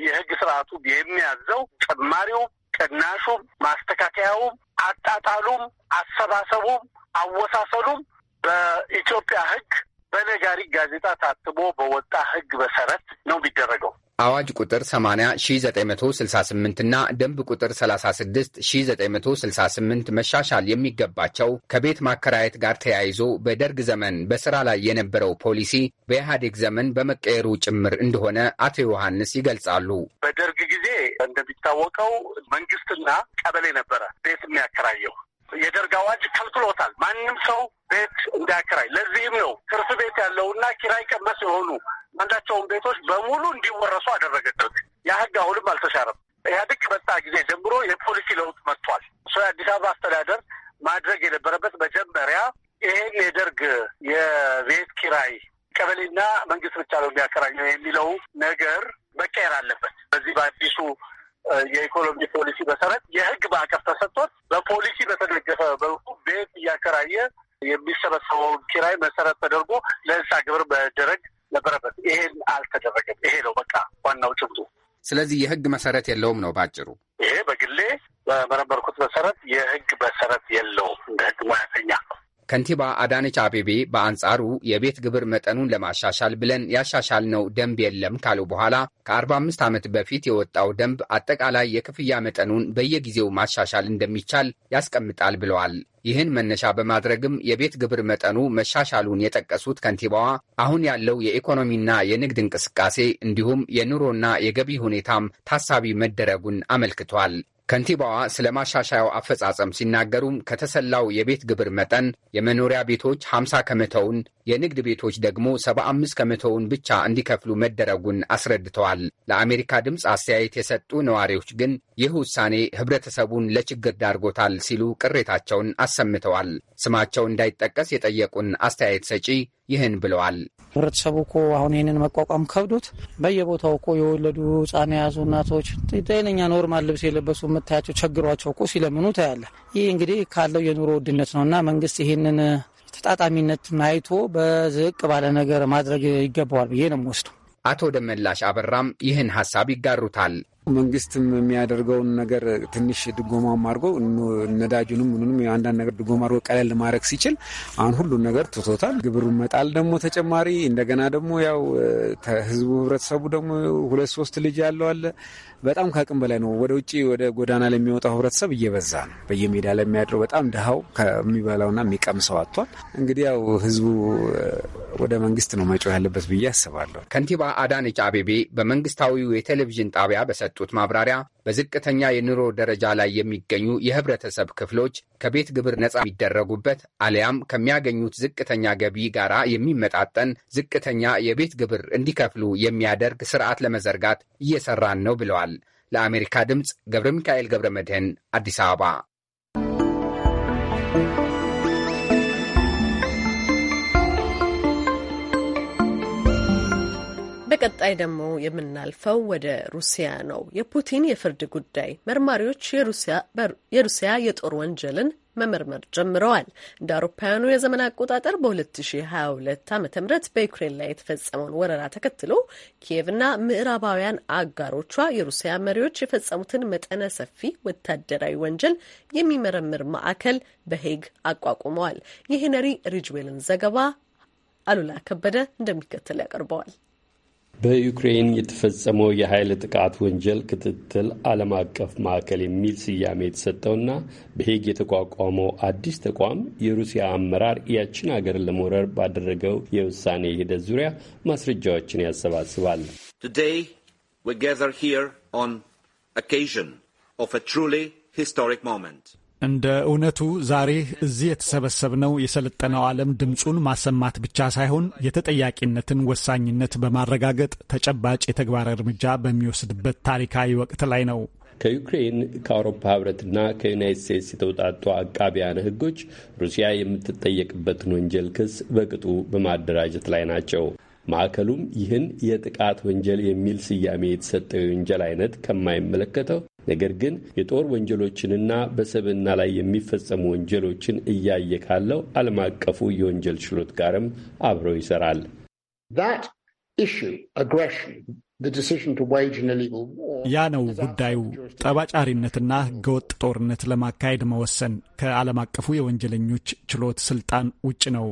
የህግ ስርዓቱ የሚያዘው ጭማሪውም፣ ቅናሹም፣ ማስተካከያውም፣ አጣጣሉም፣ አሰባሰቡም፣ አወሳሰሉም በኢትዮጵያ ህግ በነጋሪት ጋዜጣ ታትሞ በወጣ ህግ መሰረት ነው የሚደረገው። አዋጅ ቁጥር 80968 እና ደንብ ቁጥር 36968 መሻሻል የሚገባቸው ከቤት ማከራየት ጋር ተያይዞ በደርግ ዘመን በስራ ላይ የነበረው ፖሊሲ በኢህአዴግ ዘመን በመቀየሩ ጭምር እንደሆነ አቶ ዮሐንስ ይገልጻሉ። በደርግ ጊዜ እንደሚታወቀው መንግስትና ቀበሌ ነበረ ቤት የሚያከራየው። የደርግ አዋጅ ከልክሎታል። ማንም ሰው ቤት እንዳያከራይ። ለዚህም ነው ትርፍ ቤት ያለውና ኪራይ ቀመስ የሆኑ ማናቸውም ቤቶች በሙሉ እንዲወረሱ አደረገ። ደርግ ያ ህግ አሁንም አልተሻረም። ኢህአዴግ ከመጣ ጊዜ ጀምሮ የፖሊሲ ለውጥ መጥቷል። እሱ የአዲስ አበባ አስተዳደር ማድረግ የነበረበት መጀመሪያ ይህን የደርግ የቤት ኪራይ ቀበሌና መንግስት ብቻ ነው የሚያከራኘው የሚለው ነገር መቀየር አለበት። በዚህ በአዲሱ የኢኮኖሚ ፖሊሲ መሰረት የህግ ማዕቀፍ ተሰጥቶት በፖሊሲ በተደገፈ መልኩ ቤት እያከራየ የሚሰበሰበውን ኪራይ መሰረት ተደርጎ ለህንፃ ግብር መደረግ ነበረበት። ይሄን አልተደረገም። ይሄ ነው በቃ ዋናው ጭብጡ። ስለዚህ የህግ መሰረት የለውም ነው ባጭሩ። ይሄ በግሌ በመረመርኩት መሰረት የህግ መሰረት የለውም እንደ ህግ ሙያተኛ ከንቲባ አዳነች አቤቤ በአንጻሩ የቤት ግብር መጠኑን ለማሻሻል ብለን ያሻሻልነው ደንብ የለም ካሉ በኋላ ከ45 ዓመት በፊት የወጣው ደንብ አጠቃላይ የክፍያ መጠኑን በየጊዜው ማሻሻል እንደሚቻል ያስቀምጣል ብለዋል። ይህን መነሻ በማድረግም የቤት ግብር መጠኑ መሻሻሉን የጠቀሱት ከንቲባዋ አሁን ያለው የኢኮኖሚና የንግድ እንቅስቃሴ እንዲሁም የኑሮና የገቢ ሁኔታም ታሳቢ መደረጉን አመልክቷል። ከንቲባዋ ስለ ማሻሻያው አፈጻጸም ሲናገሩም ከተሰላው የቤት ግብር መጠን የመኖሪያ ቤቶች 50 ከመቶውን፣ የንግድ ቤቶች ደግሞ 75 ከመቶውን ብቻ እንዲከፍሉ መደረጉን አስረድተዋል። ለአሜሪካ ድምፅ አስተያየት የሰጡ ነዋሪዎች ግን ይህ ውሳኔ ሕብረተሰቡን ለችግር ዳርጎታል ሲሉ ቅሬታቸውን አሰምተዋል። ስማቸው እንዳይጠቀስ የጠየቁን አስተያየት ሰጪ ይህን ብለዋል። ህብረተሰቡ እኮ አሁን ይህንን መቋቋም ከብዶት በየቦታው እኮ የወለዱ ህጻን የያዙ እናቶች ጤነኛ ኖርማል ልብስ የለበሱ የምታያቸው ቸግሯቸው እኮ ሲለምኑ ታያለ። ይህ እንግዲህ ካለው የኑሮ ውድነት ነው እና መንግስት ይህንን ተጣጣሚነት አይቶ በዝቅ ባለ ነገር ማድረግ ይገባዋል ብዬ ነው የምወስደው። አቶ ደመላሽ አበራም ይህን ሀሳብ ይጋሩታል። መንግስትም የሚያደርገውን ነገር ትንሽ ድጎማም አድርጎ ነዳጁንም ምንም አንዳንድ ነገር ድጎማ አድርጎ ቀለል ማድረግ ሲችል አሁን ሁሉን ነገር ትቶታል። ግብሩ መጣል ደግሞ ተጨማሪ እንደገና ደግሞ ያው ህዝቡ ህብረተሰቡ ደግሞ ሁለት ሶስት ልጅ ያለው አለ በጣም ከአቅም በላይ ነው። ወደ ውጭ ወደ ጎዳና ለሚወጣው ህብረተሰብ እየበዛ ነው። በየሜዳ ለሚያድረው በጣም ድሃው ከሚበላውና የሚቀምሰው አጥቷል። እንግዲህ ያው ህዝቡ ወደ መንግስት ነው መጮህ ያለበት ብዬ አስባለሁ። ከንቲባ አዳነች አቤቤ በመንግስታዊው የቴሌቪዥን ጣቢያ በሰጡት ማብራሪያ በዝቅተኛ የኑሮ ደረጃ ላይ የሚገኙ የህብረተሰብ ክፍሎች ከቤት ግብር ነጻ የሚደረጉበት አሊያም ከሚያገኙት ዝቅተኛ ገቢ ጋራ የሚመጣጠን ዝቅተኛ የቤት ግብር እንዲከፍሉ የሚያደርግ ስርዓት ለመዘርጋት እየሰራን ነው ብለዋል። ለአሜሪካ ድምፅ ገብረ ሚካኤል ገብረ መድህን አዲስ አበባ በቀጣይ ደግሞ የምናልፈው ወደ ሩሲያ ነው። የፑቲን የፍርድ ጉዳይ መርማሪዎች የሩሲያ የጦር ወንጀልን መመርመር ጀምረዋል። እንደ አውሮፓውያኑ የዘመን አቆጣጠር በ2022 ዓ ም በዩክሬን ላይ የተፈጸመውን ወረራ ተከትሎ ኪየቭና ምዕራባውያን አጋሮቿ የሩሲያ መሪዎች የፈጸሙትን መጠነ ሰፊ ወታደራዊ ወንጀል የሚመረምር ማዕከል በሄግ አቋቁመዋል። የሄነሪ ሪጅዌልን ዘገባ አሉላ ከበደ እንደሚከተል ያቀርበዋል። በዩክሬን የተፈጸመው የኃይል ጥቃት ወንጀል ክትትል ዓለም አቀፍ ማዕከል የሚል ስያሜ የተሰጠውና በሄግ የተቋቋመው አዲስ ተቋም የሩሲያ አመራር ያችን አገር ለመውረር ባደረገው የውሳኔ ሂደት ዙሪያ ማስረጃዎችን ያሰባስባል። ኦን ኦኬዥን ኦፍ አ ትሩሊ ሂስቶሪክ ሞመንት እንደ እውነቱ ዛሬ እዚህ የተሰበሰብነው የሰለጠነው ዓለም ድምፁን ማሰማት ብቻ ሳይሆን የተጠያቂነትን ወሳኝነት በማረጋገጥ ተጨባጭ የተግባር እርምጃ በሚወስድበት ታሪካዊ ወቅት ላይ ነው። ከዩክሬን ከአውሮፓ ህብረትና ከዩናይት ስቴትስ የተውጣጡ አቃቢያነ ህጎች ሩሲያ የምትጠየቅበትን ወንጀል ክስ በቅጡ በማደራጀት ላይ ናቸው። ማዕከሉም ይህን የጥቃት ወንጀል የሚል ስያሜ የተሰጠው የወንጀል አይነት ከማይመለከተው ነገር ግን የጦር ወንጀሎችንና በሰብና ላይ የሚፈጸሙ ወንጀሎችን እያየ ካለው ዓለም አቀፉ የወንጀል ችሎት ጋርም አብሮ ይሰራል። ያ ነው ጉዳዩ። ጠባጫሪነትና ህገወጥ ጦርነት ለማካሄድ መወሰን ከዓለም አቀፉ የወንጀለኞች ችሎት ስልጣን ውጭ ነው።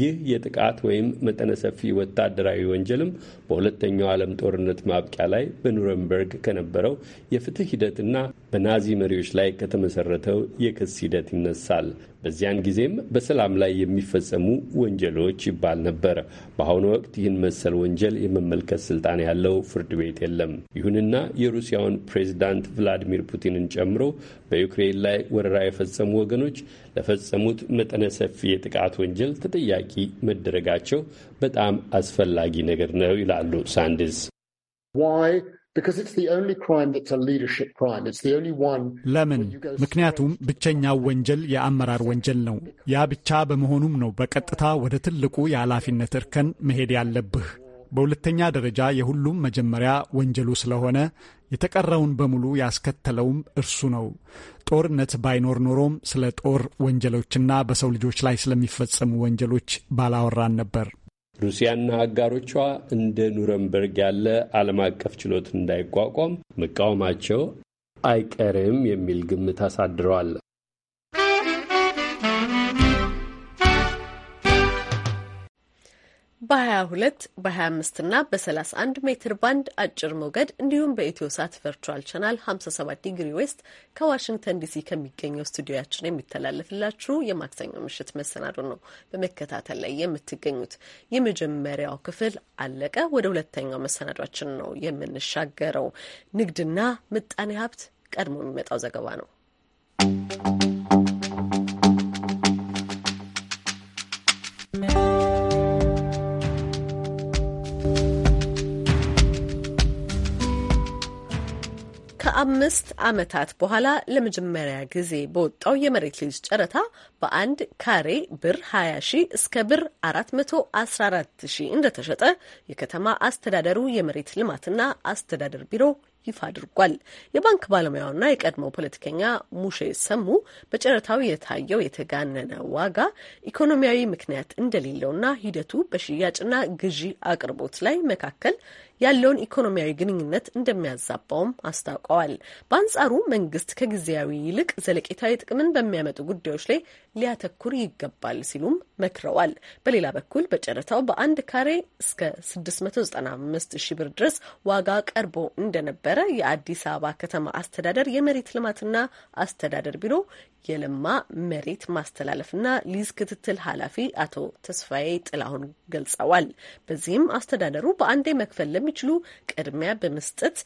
ይህ የጥቃት ወይም መጠነ ሰፊ ወታደራዊ ወንጀልም በሁለተኛው ዓለም ጦርነት ማብቂያ ላይ በኑረምበርግ ከነበረው የፍትህ ሂደትና በናዚ መሪዎች ላይ ከተመሰረተው የክስ ሂደት ይነሳል። በዚያን ጊዜም በሰላም ላይ የሚፈጸሙ ወንጀሎች ይባል ነበር። በአሁኑ ወቅት ይህን መሰል ወንጀል የመመልከት ስልጣን ያለው ፍርድ ቤት የለም። ይሁንና የሩሲያውን ፕሬዚዳንት ቭላዲሚር ፑቲንን ጨምሮ በዩክሬን ላይ ወረራ የፈጸሙ ወገኖች ለፈጸሙት መጠነ ሰፊ የጥቃት ወንጀል ተጠያቂ መደረጋቸው በጣም አስፈላጊ ነገር ነው ይላሉ ሳንድስ። ለምን? ምክንያቱም ብቸኛው ወንጀል የአመራር ወንጀል ነው። ያ ብቻ በመሆኑም ነው በቀጥታ ወደ ትልቁ የኃላፊነት እርከን መሄድ ያለብህ። በሁለተኛ ደረጃ የሁሉም መጀመሪያ ወንጀሉ ስለሆነ የተቀረውን በሙሉ ያስከተለውም እርሱ ነው። ጦርነት ባይኖር ኖሮም ስለ ጦር ወንጀሎችና በሰው ልጆች ላይ ስለሚፈጸሙ ወንጀሎች ባላወራን ነበር። ሩሲያና አጋሮቿ እንደ ኑረምበርግ ያለ ዓለም አቀፍ ችሎት እንዳይቋቋም መቃወማቸው አይቀርም የሚል ግምት አሳድረዋል። በ22 በ25 እና በ31 ሜትር ባንድ አጭር ሞገድ እንዲሁም በኢትዮ ሳት ቨርቹዋል ቻናል 57 ዲግሪ ዌስት ከዋሽንግተን ዲሲ ከሚገኘው ስቱዲዮያችን የሚተላለፍላችሁ የማክሰኞ ምሽት መሰናዶ ነው በመከታተል ላይ የምትገኙት። የመጀመሪያው ክፍል አለቀ። ወደ ሁለተኛው መሰናዷችን ነው የምንሻገረው። ንግድና ምጣኔ ሀብት ቀድሞ የሚመጣው ዘገባ ነው። Thank you. ከአምስት ዓመታት በኋላ ለመጀመሪያ ጊዜ በወጣው የመሬት ሊዝ ጨረታ በአንድ ካሬ ብር 20 ሺህ እስከ ብር 414 ሺህ እንደተሸጠ የከተማ አስተዳደሩ የመሬት ልማትና አስተዳደር ቢሮ ይፋ አድርጓል። የባንክ ባለሙያውና የቀድሞው ፖለቲከኛ ሙሼ ሰሙ በጨረታው የታየው የተጋነነ ዋጋ ኢኮኖሚያዊ ምክንያት እንደሌለውና ሂደቱ በሽያጭና ግዢ አቅርቦት ላይ መካከል ያለውን ኢኮኖሚያዊ ግንኙነት እንደሚያዛባውም አስታውቀዋል። በአንጻሩ መንግስት ከጊዜያዊ ይልቅ ዘለቄታዊ ጥቅምን በሚያመጡ ጉዳዮች ላይ ሊያተኩር ይገባል ሲሉም መክረዋል። በሌላ በኩል በጨረታው በአንድ ካሬ እስከ 695 ሺ ብር ድረስ ዋጋ ቀርቦ እንደነበረ የአዲስ አበባ ከተማ አስተዳደር የመሬት ልማትና አስተዳደር ቢሮ የለማ መሬት ማስተላለፍና ሊዝ ክትትል ኃላፊ አቶ ተስፋዬ ጥላሁን ገልጸዋል። በዚህም አስተዳደሩ በአንዴ መክፈል ለሚ ለሚችሉ ቅድሚያ በመስጠት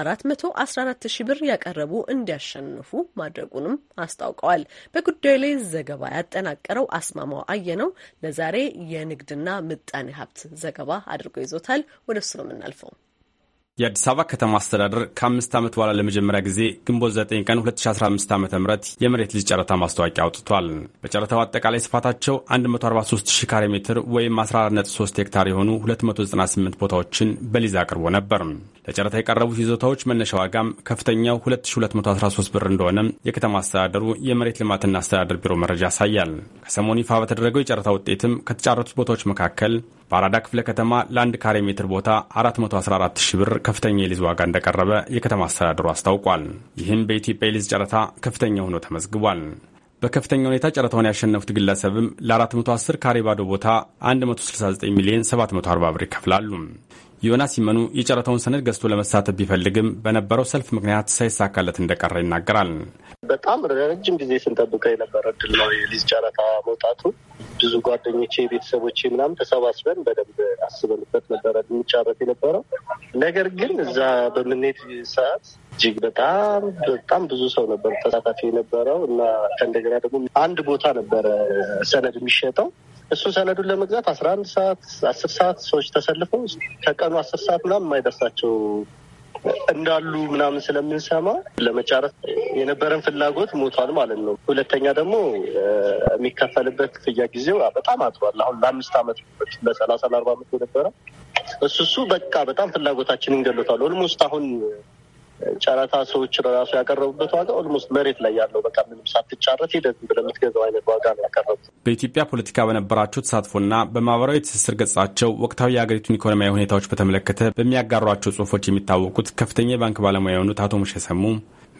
414 ሺህ ብር ያቀረቡ እንዲያሸንፉ ማድረጉንም አስታውቀዋል። በጉዳዩ ላይ ዘገባ ያጠናቀረው አስማማው አየነው ለዛሬ የንግድና ምጣኔ ሀብት ዘገባ አድርጎ ይዞታል። ወደ እሱ ነው የምናልፈው። የአዲስ አበባ ከተማ አስተዳደር ከአምስት ዓመት በኋላ ለመጀመሪያ ጊዜ ግንቦት 9 ቀን 2015 ዓ ም የመሬት ልጅ ጨረታ ማስታወቂያ አውጥቷል። በጨረታው አጠቃላይ ስፋታቸው 143 ሺህ ካሬ ሜትር ወይም 143 ሄክታር የሆኑ 298 ቦታዎችን በሊዝ አቅርቦ ነበር። ለጨረታ የቀረቡት ይዞታዎች መነሻ ዋጋም ከፍተኛው 2213 ብር እንደሆነም የከተማ አስተዳደሩ የመሬት ልማትና አስተዳደር ቢሮ መረጃ ያሳያል። ከሰሞኑ ይፋ በተደረገው የጨረታ ውጤትም ከተጫረቱት ቦታዎች መካከል በአራዳ ክፍለ ከተማ ለአንድ ካሬ ሜትር ቦታ 414 ሺህ ብር ከፍተኛ የሊዝ ዋጋ እንደቀረበ የከተማ አስተዳደሩ አስታውቋል። ይህም በኢትዮጵያ የሊዝ ጨረታ ከፍተኛ ሆኖ ተመዝግቧል። በከፍተኛ ሁኔታ ጨረታውን ያሸነፉት ግለሰብም ለ410 ካሬ ባዶ ቦታ 169 ሚሊዮን 740 ብር ይከፍላሉ። ዮናስ ሲመኑ የጨረታውን ሰነድ ገዝቶ ለመሳተፍ ቢፈልግም በነበረው ሰልፍ ምክንያት ሳይሳካለት እንደቀረ ይናገራል። በጣም ረጅም ጊዜ ስንጠብቀው የነበረ እድል ነው የሊዝ ጨረታ መውጣቱ። ብዙ ጓደኞቼ፣ ቤተሰቦቼ ምናምን ተሰባስበን በደንብ አስበንበት ነበረ የሚጫረት የነበረው ነገር ግን እዛ በምንሄድ ሰዓት እጅግ በጣም በጣም ብዙ ሰው ነበር ተሳታፊ የነበረው እና ከእንደገና ደግሞ አንድ ቦታ ነበረ ሰነድ የሚሸጠው እሱ ሰነዱን ለመግዛት አስራ አንድ ሰዓት አስር ሰዓት ሰዎች ተሰልፈው ከቀኑ አስር ሰዓት ምናምን የማይደርሳቸው እንዳሉ ምናምን ስለምንሰማ ለመጨረስ የነበረን ፍላጎት ሞቷል ማለት ነው። ሁለተኛ ደግሞ የሚከፈልበት ክፍያ ጊዜው በጣም አጥሯል። አሁን ለአምስት ዓመት ለሰላሳ ለአርባ ዓመት የነበረ እሱ እሱ በቃ በጣም ፍላጎታችንን ገሎታል። ኦልሞስት አሁን ጨረታ ሰዎች ራሱ ያቀረቡበት ዋጋ ኦልሞስት መሬት ላይ ያለው በቃ ምንም ሳትጫረት ሂደት ብለምትገዛው አይነት ዋጋ ነው ያቀረቡት። በኢትዮጵያ ፖለቲካ በነበራቸው ተሳትፎና በማህበራዊ ትስስር ገጻቸው ወቅታዊ የሀገሪቱን ኢኮኖሚያዊ ሁኔታዎች በተመለከተ በሚያጋሯቸው ጽሁፎች የሚታወቁት ከፍተኛ የባንክ ባለሙያ የሆኑት አቶ ሙሼ ሰሙ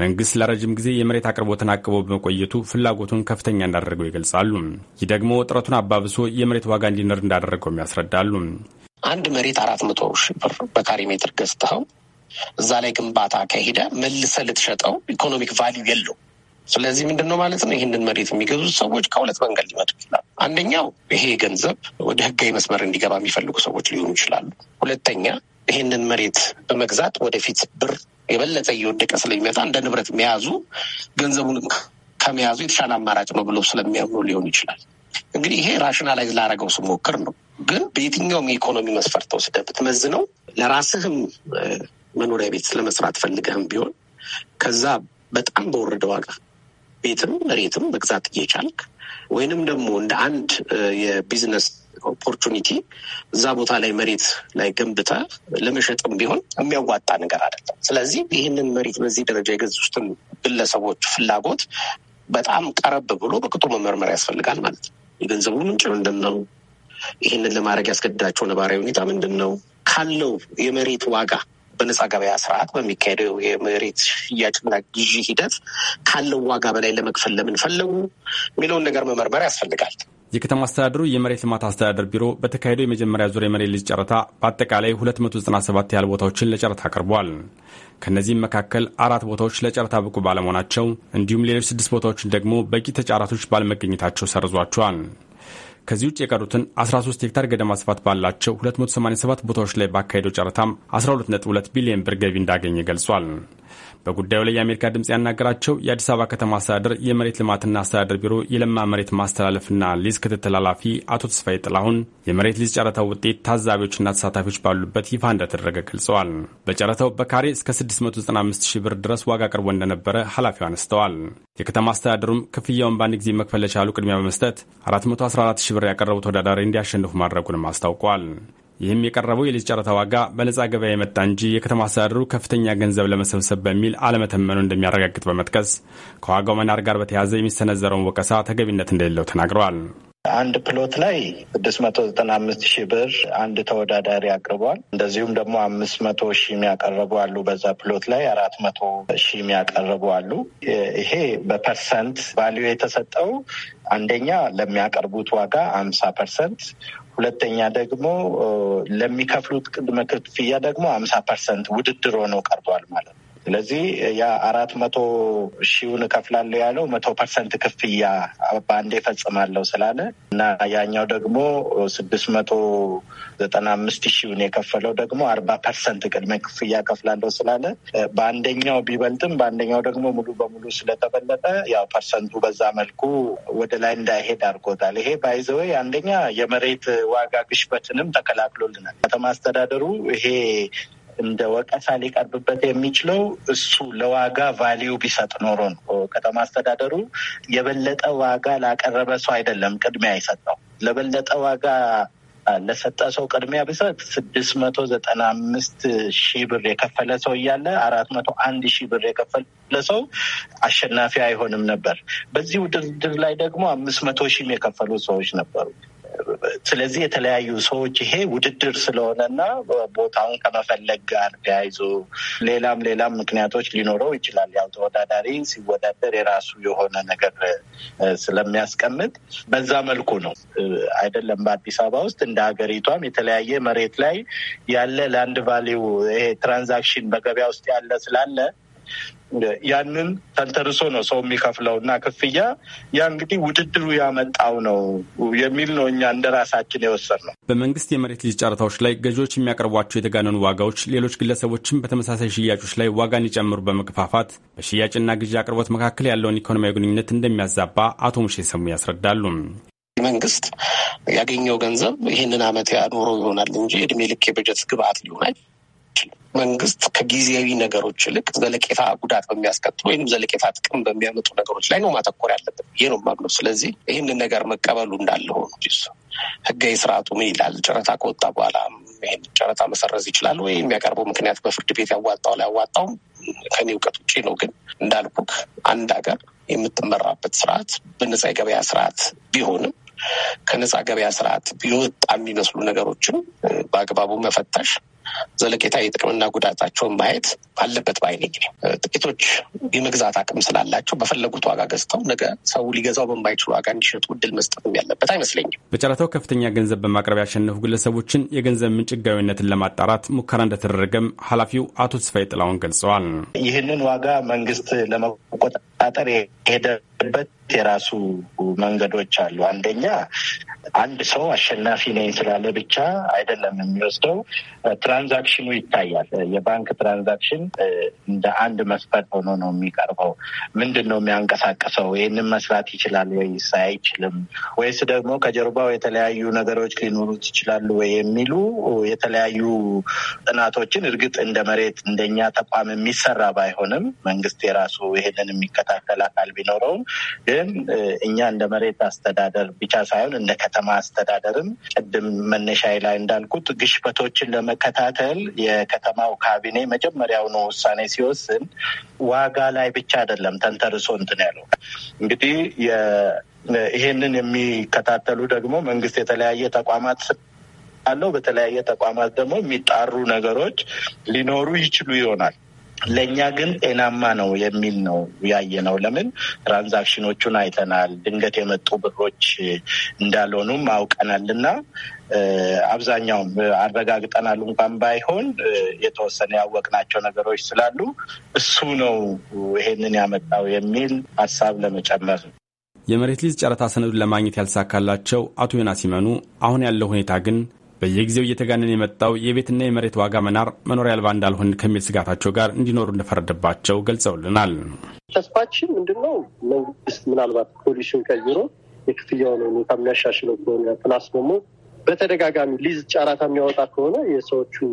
መንግስት ለረጅም ጊዜ የመሬት አቅርቦትን አቅቦ በመቆየቱ ፍላጎቱን ከፍተኛ እንዳደረገው ይገልጻሉ። ይህ ደግሞ ጥረቱን አባብሶ የመሬት ዋጋ እንዲነር እንዳደረገውም ያስረዳሉ። አንድ መሬት አራት መቶ ሺህ ብር በካሬ ሜትር ገዝተው እዛ ላይ ግንባታ ከሄደ መልሰ ልትሸጠው ኢኮኖሚክ ቫሊዩ የለው። ስለዚህ ምንድን ነው ማለት ነው? ይህንን መሬት የሚገዙ ሰዎች ከሁለት መንገድ ሊመጡ ይችላሉ። አንደኛው ይሄ ገንዘብ ወደ ህጋዊ መስመር እንዲገባ የሚፈልጉ ሰዎች ሊሆኑ ይችላሉ። ሁለተኛ ይህንን መሬት በመግዛት ወደፊት ብር የበለጠ እየወደቀ ስለሚመጣ እንደ ንብረት መያዙ ገንዘቡን ከመያዙ የተሻለ አማራጭ ነው ብሎ ስለሚያምኑ ሊሆን ይችላል። እንግዲህ ይሄ ራሽናላይዝ ላረገው ስሞክር ነው። ግን በየትኛውም የኢኮኖሚ መስፈርት ተወስደህ ብትመዝነው ለራስህም መኖሪያ ቤት ለመስራት ፈልገህም ቢሆን ከዛ በጣም በወረደ ዋጋ ቤትም መሬትም መግዛት እየቻልክ ወይንም ደግሞ እንደ አንድ የቢዝነስ ኦፖርቹኒቲ እዛ ቦታ ላይ መሬት ላይ ገንብተ ለመሸጥም ቢሆን የሚያዋጣ ነገር አይደለም። ስለዚህ ይህንን መሬት በዚህ ደረጃ የገዙትን ግለሰቦች ፍላጎት በጣም ቀረብ ብሎ በቅጡ መመርመር ያስፈልጋል ማለት ነው። የገንዘቡ ምንጭ ምንድን ነው? ይህንን ለማድረግ ያስገድዳቸው ነባራዊ ሁኔታ ምንድን ነው? ካለው የመሬት ዋጋ በነጻ ገበያ ስርዓት በሚካሄደው የመሬት ሽያጭና ግዢ ሂደት ካለው ዋጋ በላይ ለመክፈል ለምን ፈለጉ የሚለውን ነገር መመርመር ያስፈልጋል። የከተማ አስተዳደሩ የመሬት ልማት አስተዳደር ቢሮ በተካሄደው የመጀመሪያ ዙር የመሬት ልጅ ጨረታ በአጠቃላይ 297 ያህል ቦታዎችን ለጨረታ አቅርቧል። ከእነዚህም መካከል አራት ቦታዎች ለጨረታ ብቁ ባለመሆናቸው እንዲሁም ሌሎች ስድስት ቦታዎችን ደግሞ በቂ ተጫራቶች ባለመገኘታቸው ሰርዟቸዋል። ከዚህ ውጭ የቀሩትን 13 ሄክታር ገደማ ስፋት ባላቸው 287 ቦታዎች ላይ ባካሄደው ጨረታም 122 ቢሊዮን ብር ገቢ እንዳገኘ ገልጿል። በጉዳዩ ላይ የአሜሪካ ድምፅ ያናገራቸው የአዲስ አበባ ከተማ አስተዳደር የመሬት ልማትና አስተዳደር ቢሮ የለማ መሬት ማስተላለፍና ሊዝ ክትትል ኃላፊ አቶ ተስፋዬ ጥላሁን የመሬት ሊዝ ጨረታው ውጤት ታዛቢዎችና ተሳታፊዎች ባሉበት ይፋ እንደተደረገ ገልጸዋል። በጨረታው በካሬ እስከ 695 ሺህ ብር ድረስ ዋጋ ቀርቦ እንደነበረ ኃላፊው አነስተዋል። የከተማ አስተዳደሩም ክፍያውን በአንድ ጊዜ መክፈል ለቻሉ ቅድሚያ በመስጠት 414 ሺህ ብር ያቀረቡ ተወዳዳሪ እንዲያሸንፉ ማድረጉንም አስታውቋል። ይህም የቀረበው የሊዝ ጨረታ ዋጋ በነጻ ገበያ የመጣ እንጂ የከተማ አስተዳደሩ ከፍተኛ ገንዘብ ለመሰብሰብ በሚል አለመተመኑ እንደሚያረጋግጥ በመጥቀስ ከዋጋው መናር ጋር በተያያዘ የሚሰነዘረውን ወቀሳ ተገቢነት እንደሌለው ተናግረዋል። አንድ ፕሎት ላይ ስድስት መቶ ዘጠና አምስት ሺህ ብር አንድ ተወዳዳሪ አቅርቧል። እንደዚሁም ደግሞ አምስት መቶ ሺህ የሚያቀረቡ አሉ። በዛ ፕሎት ላይ አራት መቶ ሺህ የሚያቀረቡ አሉ። ይሄ በፐርሰንት ቫሊዩ የተሰጠው አንደኛ ለሚያቀርቡት ዋጋ አምሳ ፐርሰንት ሁለተኛ ደግሞ ለሚከፍሉት ቅድመ ክፍያ ደግሞ አምሳ ፐርሰንት ውድድር ሆኖ ቀርቧል ማለት ነው። ስለዚህ ያ አራት መቶ ሺውን እከፍላለሁ ያለው መቶ ፐርሰንት ክፍያ በአንዴ እፈጽማለሁ ስላለ እና ያኛው ደግሞ ስድስት መቶ ዘጠና አምስት ሺውን የከፈለው ደግሞ አርባ ፐርሰንት ቅድመ ክፍያ እከፍላለሁ ስላለ በአንደኛው ቢበልጥም በአንደኛው ደግሞ ሙሉ በሙሉ ስለተበለጠ ያው ፐርሰንቱ በዛ መልኩ ወደ ላይ እንዳይሄድ አድርጎታል። ይሄ ባይዘዌ አንደኛ የመሬት ዋጋ ግሽበትንም ተከላክሎልናል። ከተማ አስተዳደሩ ይሄ እንደ ወቀሳ ሊቀርብበት የሚችለው እሱ ለዋጋ ቫሊዩ ቢሰጥ ኖሮ ነው። ከተማ አስተዳደሩ የበለጠ ዋጋ ላቀረበ ሰው አይደለም ቅድሚያ ይሰጠው ለበለጠ ዋጋ ለሰጠ ሰው ቅድሚያ ቢሰጥ ስድስት መቶ ዘጠና አምስት ሺህ ብር የከፈለ ሰው እያለ አራት መቶ አንድ ሺህ ብር የከፈለ ሰው አሸናፊ አይሆንም ነበር። በዚህ ውድድር ላይ ደግሞ አምስት መቶ ሺህም የከፈሉ ሰዎች ነበሩ። ስለዚህ የተለያዩ ሰዎች ይሄ ውድድር ስለሆነና ቦታውን ከመፈለግ ጋር ተያይዞ ሌላም ሌላም ምክንያቶች ሊኖረው ይችላል። ያው ተወዳዳሪ ሲወዳደር የራሱ የሆነ ነገር ስለሚያስቀምጥ በዛ መልኩ ነው አይደለም። በአዲስ አበባ ውስጥ እንደ ሀገሪቷም የተለያየ መሬት ላይ ያለ ላንድ ቫሊው ይሄ ትራንዛክሽን በገበያ ውስጥ ያለ ስላለ ያንን ተልተርሶ ነው ሰው የሚከፍለው እና ክፍያ ያ እንግዲህ ውድድሩ ያመጣው ነው የሚል ነው። እኛ እንደ ራሳችን የወሰድ ነው። በመንግስት የመሬት ሊዝ ጨረታዎች ላይ ገዢዎች የሚያቀርቧቸው የተጋነኑ ዋጋዎች ሌሎች ግለሰቦችም በተመሳሳይ ሽያጮች ላይ ዋጋ እንዲጨምሩ በመግፋፋት በሽያጭና ግዢ አቅርቦት መካከል ያለውን ኢኮኖሚያዊ ግንኙነት እንደሚያዛባ አቶ ሙሼ ሰሙ ያስረዳሉ። መንግስት ያገኘው ገንዘብ ይህንን ዓመት ያኖረው ይሆናል እንጂ እድሜ ልክ የበጀት ግብአት ሊሆናል መንግስት ከጊዜያዊ ነገሮች ይልቅ ዘለቄታ ጉዳት በሚያስከትሉ ወይም ዘለቄታ ጥቅም በሚያመጡ ነገሮች ላይ ነው ማተኮር ያለብን። ይህ ነው ማግኖ። ስለዚህ ይህንን ነገር መቀበሉ እንዳለ ሆኖ ህጋዊ ስርዓቱ ምን ይላል? ጨረታ ከወጣ በኋላ ይህን ጨረታ መሰረዝ ይችላል ወይ? የሚያቀርበው ምክንያት በፍርድ ቤት ያዋጣው ላይ ያዋጣውም ከኔ እውቀት ውጭ ነው። ግን እንዳልኩክ አንድ ሀገር የምትመራበት ስርዓት በነፃ የገበያ ስርዓት ቢሆንም ከነፃ ገበያ ስርዓት ቢወጣ የሚመስሉ ነገሮችን በአግባቡ መፈተሽ ዘለቄታዊ ጥቅምና ጉዳታቸውን ማየት አለበት ባይ ጥቂቶች የመግዛት አቅም ስላላቸው በፈለጉት ዋጋ ገዝተው ነገ ሰው ሊገዛው በማይችሉ ዋጋ እንዲሸጡ እድል መስጠት ያለበት አይመስለኝም። በጨረታው ከፍተኛ ገንዘብ በማቅረብ ያሸነፉ ግለሰቦችን የገንዘብ ምንጭ ለማጣራት ሙከራ እንደተደረገም ኃላፊው አቶ ስፋይ ጥላውን ገልጸዋል። ይህንን ዋጋ መንግስት ለመቆጣጠር የሄደበት የራሱ መንገዶች አሉ። አንደኛ አንድ ሰው አሸናፊ ነኝ ስላለ ብቻ አይደለም የሚወስደው፣ ትራንዛክሽኑ ይታያል። የባንክ ትራንዛክሽን እንደ አንድ መስፈርት ሆኖ ነው የሚቀርበው። ምንድን ነው የሚያንቀሳቅሰው? ይህንን መስራት ይችላል ወይስ አይችልም? ወይስ ደግሞ ከጀርባው የተለያዩ ነገሮች ሊኖሩት ይችላሉ ወይ የሚሉ የተለያዩ ጥናቶችን እርግጥ እንደ መሬት እንደኛ ተቋም የሚሰራ ባይሆንም መንግስት የራሱ ይህንን የሚከታተል አካል ቢኖረውም ግን እኛ እንደ መሬት አስተዳደር ብቻ ሳይሆን እንደ ከተማ አስተዳደርም ቅድም መነሻዬ ላይ እንዳልኩት ግሽበቶችን ለመከታተል የከተማው ካቢኔ መጀመሪያውኑ ውሳኔ ሲወስን ዋጋ ላይ ብቻ አይደለም ተንተርሶ እንትን ያለው እንግዲህ ይሄንን የሚከታተሉ ደግሞ መንግስት የተለያየ ተቋማት አለው። በተለያየ ተቋማት ደግሞ የሚጣሩ ነገሮች ሊኖሩ ይችሉ ይሆናል። ለእኛ ግን ጤናማ ነው የሚል ነው ያየ ነው። ለምን ትራንዛክሽኖቹን አይተናል። ድንገት የመጡ ብሮች እንዳልሆኑም አውቀናል እና አብዛኛውም አረጋግጠናል እንኳን ባይሆን የተወሰነ ያወቅናቸው ነገሮች ስላሉ እሱ ነው ይሄንን ያመጣው የሚል ሀሳብ ለመጨመር ነው። የመሬት ሊዝ ጨረታ ሰነዱን ለማግኘት ያልተሳካላቸው አቶ ዮና ሲመኑ አሁን ያለው ሁኔታ ግን በየጊዜው እየተጋነን የመጣው የቤትና የመሬት ዋጋ መናር መኖሪያ አልባ እንዳልሆን ከሚል ስጋታቸው ጋር እንዲኖሩ እንደፈረደባቸው ገልጸውልናል። ተስፋችን ምንድነው? መንግስት ምናልባት ፖሊሱን ቀይሮ የክፍያውን ሁኔታ የሚያሻሽለው ከሆነ ፕላስ ደግሞ በተደጋጋሚ ሊዝ ጨረታ የሚያወጣ ከሆነ የሰዎቹን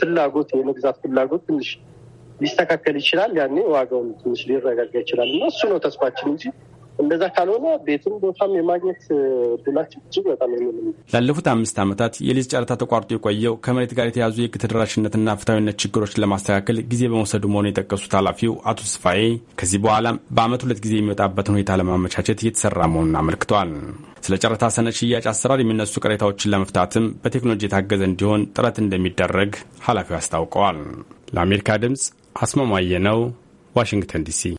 ፍላጎት የመግዛት ፍላጎት ትንሽ ሊስተካከል ይችላል። ያኔ ዋጋውን ትንሽ ሊረጋጋ ይችላል እና እሱ ነው ተስፋችን እንጂ እንደዛ ካልሆነ ቤትም ቦታም የማግኘት እድላቸው እጅግ በጣም ላለፉት አምስት ዓመታት የሊዝ ጨረታ ተቋርጦ የቆየው ከመሬት ጋር የተያዙ የህግ ተደራሽነትና ፍትሐዊነት ችግሮችን ለማስተካከል ጊዜ በመውሰዱ መሆኑ የጠቀሱት ኃላፊው አቶ ስፋዬ ከዚህ በኋላ በአመት ሁለት ጊዜ የሚወጣበትን ሁኔታ ለማመቻቸት እየተሰራ መሆኑን አመልክቷል። ስለ ጨረታ ሰነድ ሽያጭ አሰራር የሚነሱ ቅሬታዎችን ለመፍታትም በቴክኖሎጂ የታገዘ እንዲሆን ጥረት እንደሚደረግ ኃላፊው አስታውቀዋል። ለአሜሪካ ድምፅ አስማማየ ነው፣ ዋሽንግተን ዲሲ።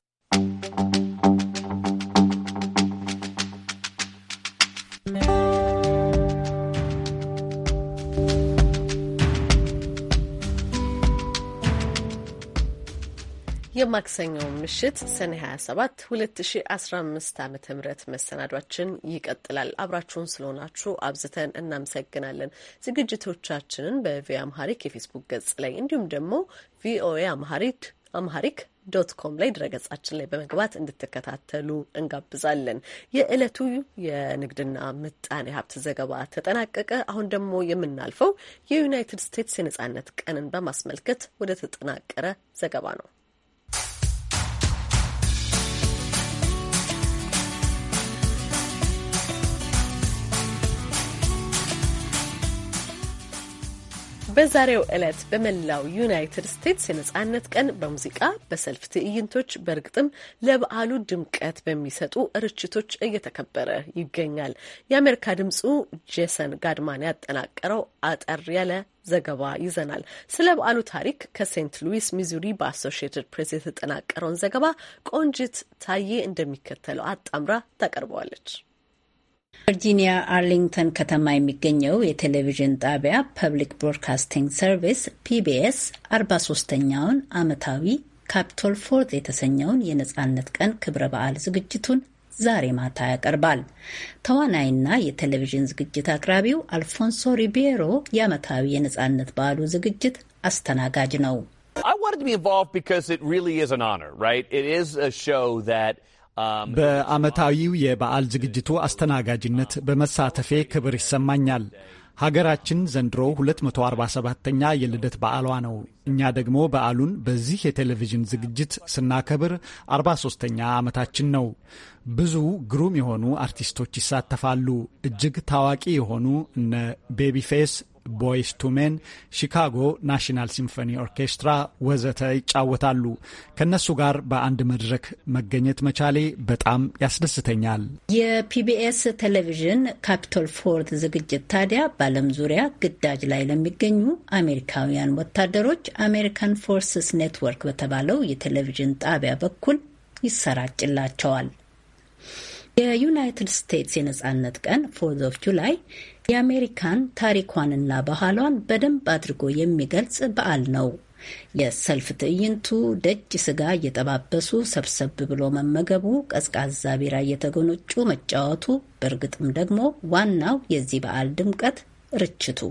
የማክሰኞው ምሽት ሰኔ 27 2015 ዓ ም መሰናዷችን ይቀጥላል። አብራችሁን ስለሆናችሁ አብዝተን እናመሰግናለን። ዝግጅቶቻችንን በቪ አምሃሪክ የፌስቡክ ገጽ ላይ እንዲሁም ደግሞ ቪኦኤ አምሃሪክ ዶት ኮም ላይ ድረገጻችን ላይ በመግባት እንድትከታተሉ እንጋብዛለን። የዕለቱ የንግድና ምጣኔ ሀብት ዘገባ ተጠናቀቀ። አሁን ደግሞ የምናልፈው የዩናይትድ ስቴትስ የነጻነት ቀንን በማስመልከት ወደ ተጠናቀረ ዘገባ ነው። በዛሬው ዕለት በመላው ዩናይትድ ስቴትስ የነጻነት ቀን በሙዚቃ በሰልፍ ትዕይንቶች፣ በእርግጥም ለበዓሉ ድምቀት በሚሰጡ ርችቶች እየተከበረ ይገኛል። የአሜሪካ ድምፁ ጄሰን ጋድማን ያጠናቀረው አጠር ያለ ዘገባ ይዘናል። ስለ በዓሉ ታሪክ ከሴንት ሉዊስ ሚዙሪ በአሶሺየትድ ፕሬስ የተጠናቀረውን ዘገባ ቆንጂት ታዬ እንደሚከተለው አጣምራ ታቀርበዋለች። ቨርጂኒያ አርሊንግተን ከተማ የሚገኘው የቴሌቪዥን ጣቢያ ፐብሊክ ብሮድካስቲንግ ሰርቪስ ፒቢኤስ 43ኛውን ዓመታዊ ካፒቶል ፎርት የተሰኘውን የነጻነት ቀን ክብረ በዓል ዝግጅቱን ዛሬ ማታ ያቀርባል። ተዋናይና የቴሌቪዥን ዝግጅት አቅራቢው አልፎንሶ ሪቤሮ የዓመታዊ የነጻነት በዓሉ ዝግጅት አስተናጋጅ ነው። I wanted to be involved because it really is an honor, right? It is a show that በዓመታዊው የበዓል ዝግጅቱ አስተናጋጅነት በመሳተፌ ክብር ይሰማኛል። ሀገራችን ዘንድሮ 247ኛ የልደት በዓሏ ነው። እኛ ደግሞ በዓሉን በዚህ የቴሌቪዥን ዝግጅት ስናከብር 43ኛ ዓመታችን ነው። ብዙ ግሩም የሆኑ አርቲስቶች ይሳተፋሉ። እጅግ ታዋቂ የሆኑ እነ ቤቢ ፌስ፣ ቦይስ ቱ ሜን፣ ሺካጎ ናሽናል ሲምፎኒ ኦርኬስትራ ወዘተ ይጫወታሉ። ከነሱ ጋር በአንድ መድረክ መገኘት መቻሌ በጣም ያስደስተኛል። የፒቢኤስ ቴሌቪዥን ካፒቶል ፎርት ዝግጅት ታዲያ በዓለም ዙሪያ ግዳጅ ላይ ለሚገኙ አሜሪካውያን ወታደሮች አሜሪካን ፎርስስ ኔትወርክ በተባለው የቴሌቪዥን ጣቢያ በኩል ይሰራጭላቸዋል። የዩናይትድ ስቴትስ የነጻነት ቀን ፎርዝ ኦፍ ጁላይ የአሜሪካን ታሪኳንና ባህሏን በደንብ አድርጎ የሚገልጽ በዓል ነው። የሰልፍ ትዕይንቱ ደጅ ስጋ እየጠባበሱ ሰብሰብ ብሎ መመገቡ፣ ቀዝቃዛ ቢራ እየተጎነጩ መጫወቱ፣ በእርግጥም ደግሞ ዋናው የዚህ በዓል ድምቀት ርችቱ።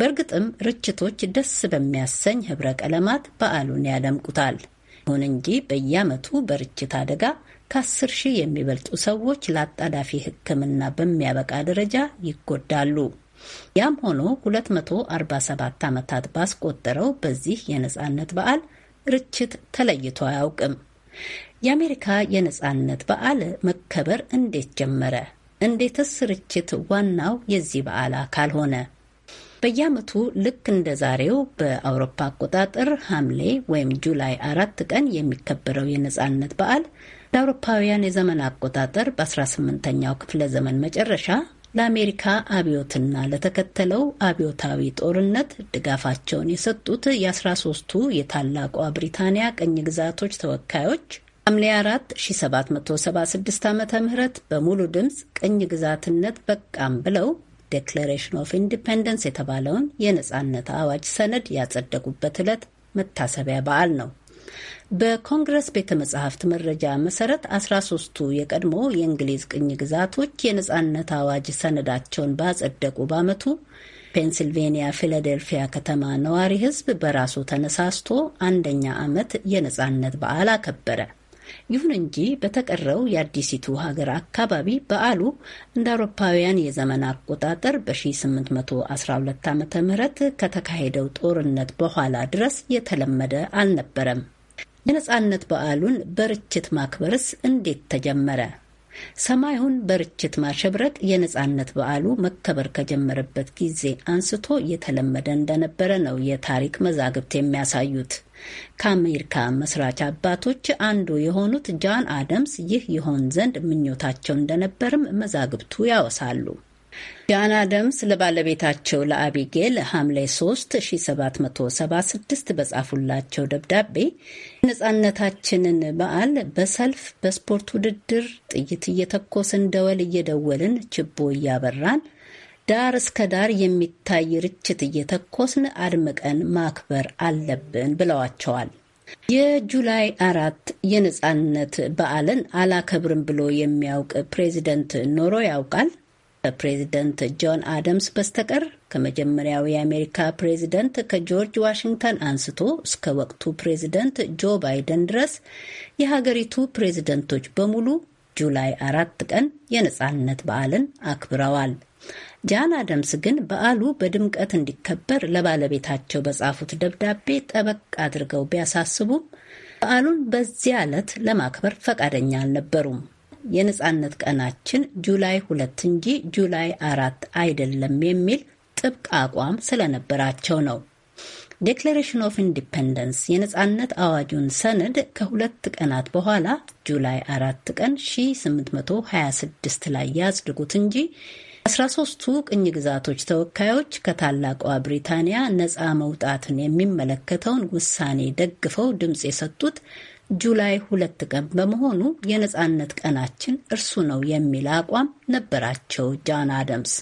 በእርግጥም ርችቶች ደስ በሚያሰኝ ህብረ ቀለማት በዓሉን ያደምቁታል። ይሁን እንጂ በየዓመቱ በርችት አደጋ ከአስር ሺህ የሚበልጡ ሰዎች ለአጣዳፊ ሕክምና በሚያበቃ ደረጃ ይጎዳሉ። ያም ሆኖ 247 ዓመታት ባስቆጠረው በዚህ የነጻነት በዓል ርችት ተለይቶ አያውቅም። የአሜሪካ የነጻነት በዓል መከበር እንዴት ጀመረ? እንዴትስ ርችት ዋናው የዚህ በዓል አካል ሆነ? በየዓመቱ ልክ እንደ ዛሬው በአውሮፓ አቆጣጠር ሐምሌ ወይም ጁላይ አራት ቀን የሚከበረው የነጻነት በዓል ለአውሮፓውያን አውሮፓውያን የዘመን አቆጣጠር በ18ኛው ክፍለ ዘመን መጨረሻ ለአሜሪካ አብዮትና ለተከተለው አብዮታዊ ጦርነት ድጋፋቸውን የሰጡት የ13ቱ የታላቋ ብሪታንያ ቅኝ ግዛቶች ተወካዮች ሐምሌ 4 1776 ዓ ም በሙሉ ድምፅ ቅኝ ግዛትነት በቃም ብለው ዴክሌሬሽን ኦፍ ኢንዲፔንደንስ የተባለውን የነጻነት አዋጅ ሰነድ ያጸደቁበት ዕለት መታሰቢያ በዓል ነው። በኮንግረስ ቤተ መጻሕፍት መረጃ መሰረት 13ቱ የቀድሞ የእንግሊዝ ቅኝ ግዛቶች የነጻነት አዋጅ ሰነዳቸውን ባጸደቁ በአመቱ ፔንሲልቬኒያ ፊላዴልፊያ ከተማ ነዋሪ ሕዝብ በራሱ ተነሳስቶ አንደኛ ዓመት የነጻነት በዓል አከበረ። ይሁን እንጂ በተቀረው የአዲሲቱ ሀገር አካባቢ በዓሉ እንደ አውሮፓውያን የዘመን አቆጣጠር በ1812 ዓ ም ከተካሄደው ጦርነት በኋላ ድረስ የተለመደ አልነበረም። የነጻነት በዓሉን በርችት ማክበርስ እንዴት ተጀመረ? ሰማዩን በርችት ማሸብረቅ የነጻነት በዓሉ መከበር ከጀመረበት ጊዜ አንስቶ የተለመደ እንደነበረ ነው የታሪክ መዛግብት የሚያሳዩት። ከአሜሪካ መስራች አባቶች አንዱ የሆኑት ጃን አደምስ ይህ ይሆን ዘንድ ምኞታቸው እንደነበርም መዛግብቱ ያወሳሉ። ጃን አደምስ ለባለቤታቸው ለአቢጌል ሐምሌ 3 1776 በጻፉላቸው ደብዳቤ ነጻነታችንን በዓል በሰልፍ በስፖርት ውድድር ጥይት እየተኮስን ደወል እየደወልን ችቦ እያበራን ዳር እስከ ዳር የሚታይ ርችት እየተኮስን አድምቀን ማክበር አለብን ብለዋቸዋል። የጁላይ አራት የነፃነት በዓልን አላከብርም ብሎ የሚያውቅ ፕሬዚደንት ኖሮ ያውቃል? ከፕሬዚደንት ጆን አደምስ በስተቀር ከመጀመሪያው የአሜሪካ ፕሬዚደንት ከጆርጅ ዋሽንግተን አንስቶ እስከ ወቅቱ ፕሬዚደንት ጆ ባይደን ድረስ የሀገሪቱ ፕሬዚደንቶች በሙሉ ጁላይ አራት ቀን የነጻነት በዓልን አክብረዋል። ጃን አደምስ ግን በዓሉ በድምቀት እንዲከበር ለባለቤታቸው በጻፉት ደብዳቤ ጠበቅ አድርገው ቢያሳስቡም በዓሉን በዚያ ዕለት ለማክበር ፈቃደኛ አልነበሩም። የነጻነት ቀናችን ጁላይ ሁለት እንጂ ጁላይ አራት አይደለም የሚል ጥብቅ አቋም ስለነበራቸው ነው። ዴክሌሬሽን ኦፍ ኢንዲፐንደንስ የነጻነት አዋጁን ሰነድ ከሁለት ቀናት በኋላ ጁላይ አራት ቀን 1826 ላይ ያጽድጉት እንጂ 13ቱ ቅኝ ግዛቶች ተወካዮች ከታላቋ ብሪታንያ ነፃ መውጣትን የሚመለከተውን ውሳኔ ደግፈው ድምፅ የሰጡት ጁላይ ሁለት ቀን በመሆኑ የነጻነት ቀናችን እርሱ ነው የሚል አቋም ነበራቸው ጃን አደምስ።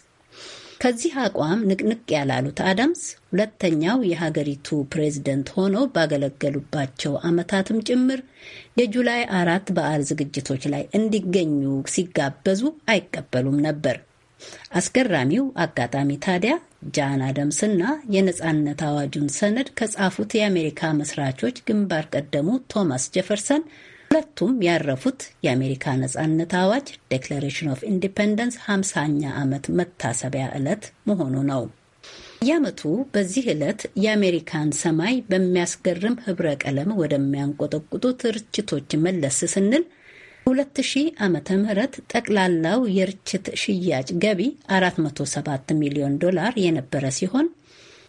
ከዚህ አቋም ንቅንቅ ያላሉት አዳምስ ሁለተኛው የሀገሪቱ ፕሬዝደንት ሆነው ባገለገሉባቸው ዓመታትም ጭምር የጁላይ አራት በዓል ዝግጅቶች ላይ እንዲገኙ ሲጋበዙ አይቀበሉም ነበር። አስገራሚው አጋጣሚ ታዲያ ጃን አደምስና የነጻነት አዋጁን ሰነድ ከጻፉት የአሜሪካ መስራቾች ግንባር ቀደሙ ቶማስ ጀፈርሰን ሁለቱም ያረፉት የአሜሪካ ነጻነት አዋጅ ዴክለሬሽን ኦፍ ኢንዲፐንደንስ 50ኛ ዓመት መታሰቢያ ዕለት መሆኑ ነው። የዓመቱ በዚህ ዕለት የአሜሪካን ሰማይ በሚያስገርም ህብረ ቀለም ወደሚያንቆጠቁጡ ትርችቶች መለስ ስንል 2000 ዓመተ ምህረት ጠቅላላው የርችት ሽያጭ ገቢ 407 ሚሊዮን ዶላር የነበረ ሲሆን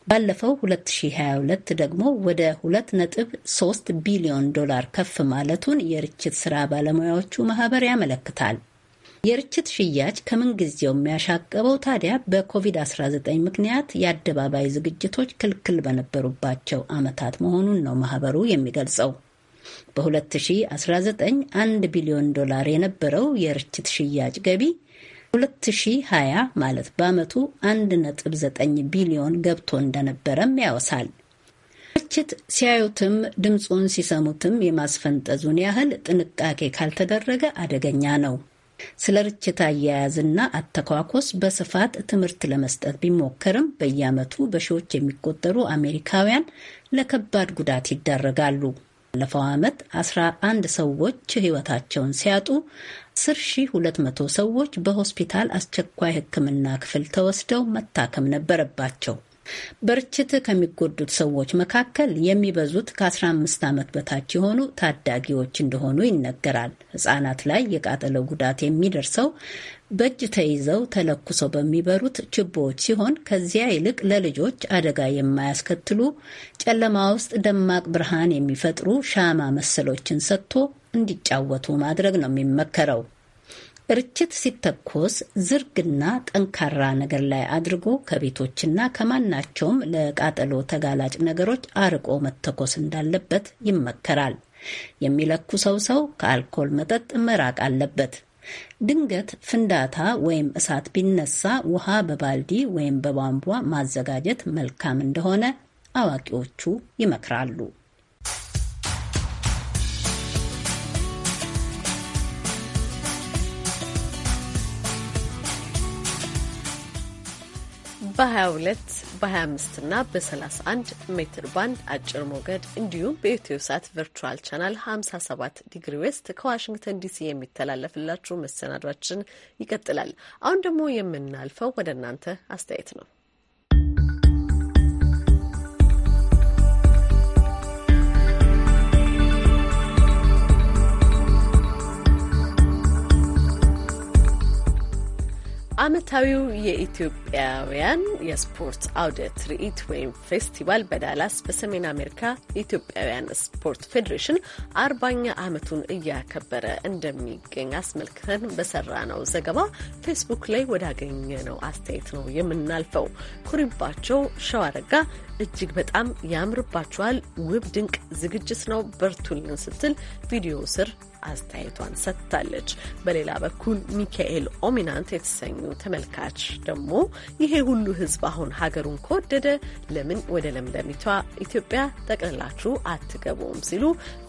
ባለፈው 2022 ደግሞ ወደ 2.3 ቢሊዮን ዶላር ከፍ ማለቱን የርችት ስራ ባለሙያዎቹ ማህበር ያመለክታል። የርችት ሽያጭ ከምንጊዜው የሚያሻቀበው ታዲያ በኮቪድ-19 ምክንያት የአደባባይ ዝግጅቶች ክልክል በነበሩባቸው ዓመታት መሆኑን ነው ማህበሩ የሚገልጸው። በ2019 1 ቢሊዮን ዶላር የነበረው የርችት ሽያጭ ገቢ 2020 ማለት በአመቱ 1.9 ቢሊዮን ገብቶ እንደነበረም ያወሳል። ርችት ሲያዩትም ድምፁን ሲሰሙትም የማስፈንጠዙን ያህል ጥንቃቄ ካልተደረገ አደገኛ ነው። ስለ ርችት አያያዝና አተኳኮስ በስፋት ትምህርት ለመስጠት ቢሞከርም በየአመቱ በሺዎች የሚቆጠሩ አሜሪካውያን ለከባድ ጉዳት ይዳረጋሉ። ባለፈው ዓመት 11 ሰዎች ሕይወታቸውን ሲያጡ 10200 ሰዎች በሆስፒታል አስቸኳይ ሕክምና ክፍል ተወስደው መታከም ነበረባቸው። በርችት ከሚጎዱት ሰዎች መካከል የሚበዙት ከ15 ዓመት በታች የሆኑ ታዳጊዎች እንደሆኑ ይነገራል። ሕጻናት ላይ የቃጠለው ጉዳት የሚደርሰው በእጅ ተይዘው ተለኩሰው በሚበሩት ችቦዎች ሲሆን ከዚያ ይልቅ ለልጆች አደጋ የማያስከትሉ ጨለማ ውስጥ ደማቅ ብርሃን የሚፈጥሩ ሻማ መሰሎችን ሰጥቶ እንዲጫወቱ ማድረግ ነው የሚመከረው። ርችት ሲተኮስ ዝርግና ጠንካራ ነገር ላይ አድርጎ ከቤቶችና ከማናቸውም ለቃጠሎ ተጋላጭ ነገሮች አርቆ መተኮስ እንዳለበት ይመከራል። የሚለኩሰው ሰው ከአልኮል መጠጥ መራቅ አለበት። ድንገት ፍንዳታ ወይም እሳት ቢነሳ ውሃ በባልዲ ወይም በቧንቧ ማዘጋጀት መልካም እንደሆነ አዋቂዎቹ ይመክራሉ። በ22 በ25 እና በ31 ሜትር ባንድ አጭር ሞገድ እንዲሁም በኢትዮ ሳት ቨርቹዋል ቻናል 57 ዲግሪ ዌስት ከዋሽንግተን ዲሲ የሚተላለፍላችሁ መሰናዷችን ይቀጥላል። አሁን ደግሞ የምናልፈው ወደ እናንተ አስተያየት ነው። ዓመታዊው የኢትዮጵያውያን የስፖርት አውደ ትርኢት ወይም ፌስቲቫል በዳላስ በሰሜን አሜሪካ የኢትዮጵያውያን ስፖርት ፌዴሬሽን አርባኛ ዓመቱን እያከበረ እንደሚገኝ አስመልክተን በሰራ ነው ዘገባ ፌስቡክ ላይ ወዳገኘ ነው አስተያየት ነው የምናልፈው። ኩሪባቸው ሸዋረጋ እጅግ በጣም ያምርባችኋል፣ ውብ ድንቅ ዝግጅት ነው፣ በርቱልን ስትል ቪዲዮ ስር አስተያየቷን ሰጥታለች። በሌላ በኩል ሚካኤል ኦሚናንት የተሰኙ ተመልካች ደግሞ ይሄ ሁሉ ሕዝብ አሁን ሀገሩን ከወደደ ለምን ወደ ለምለሚቷ ኢትዮጵያ ጠቅልላችሁ አትገቡም ሲሉ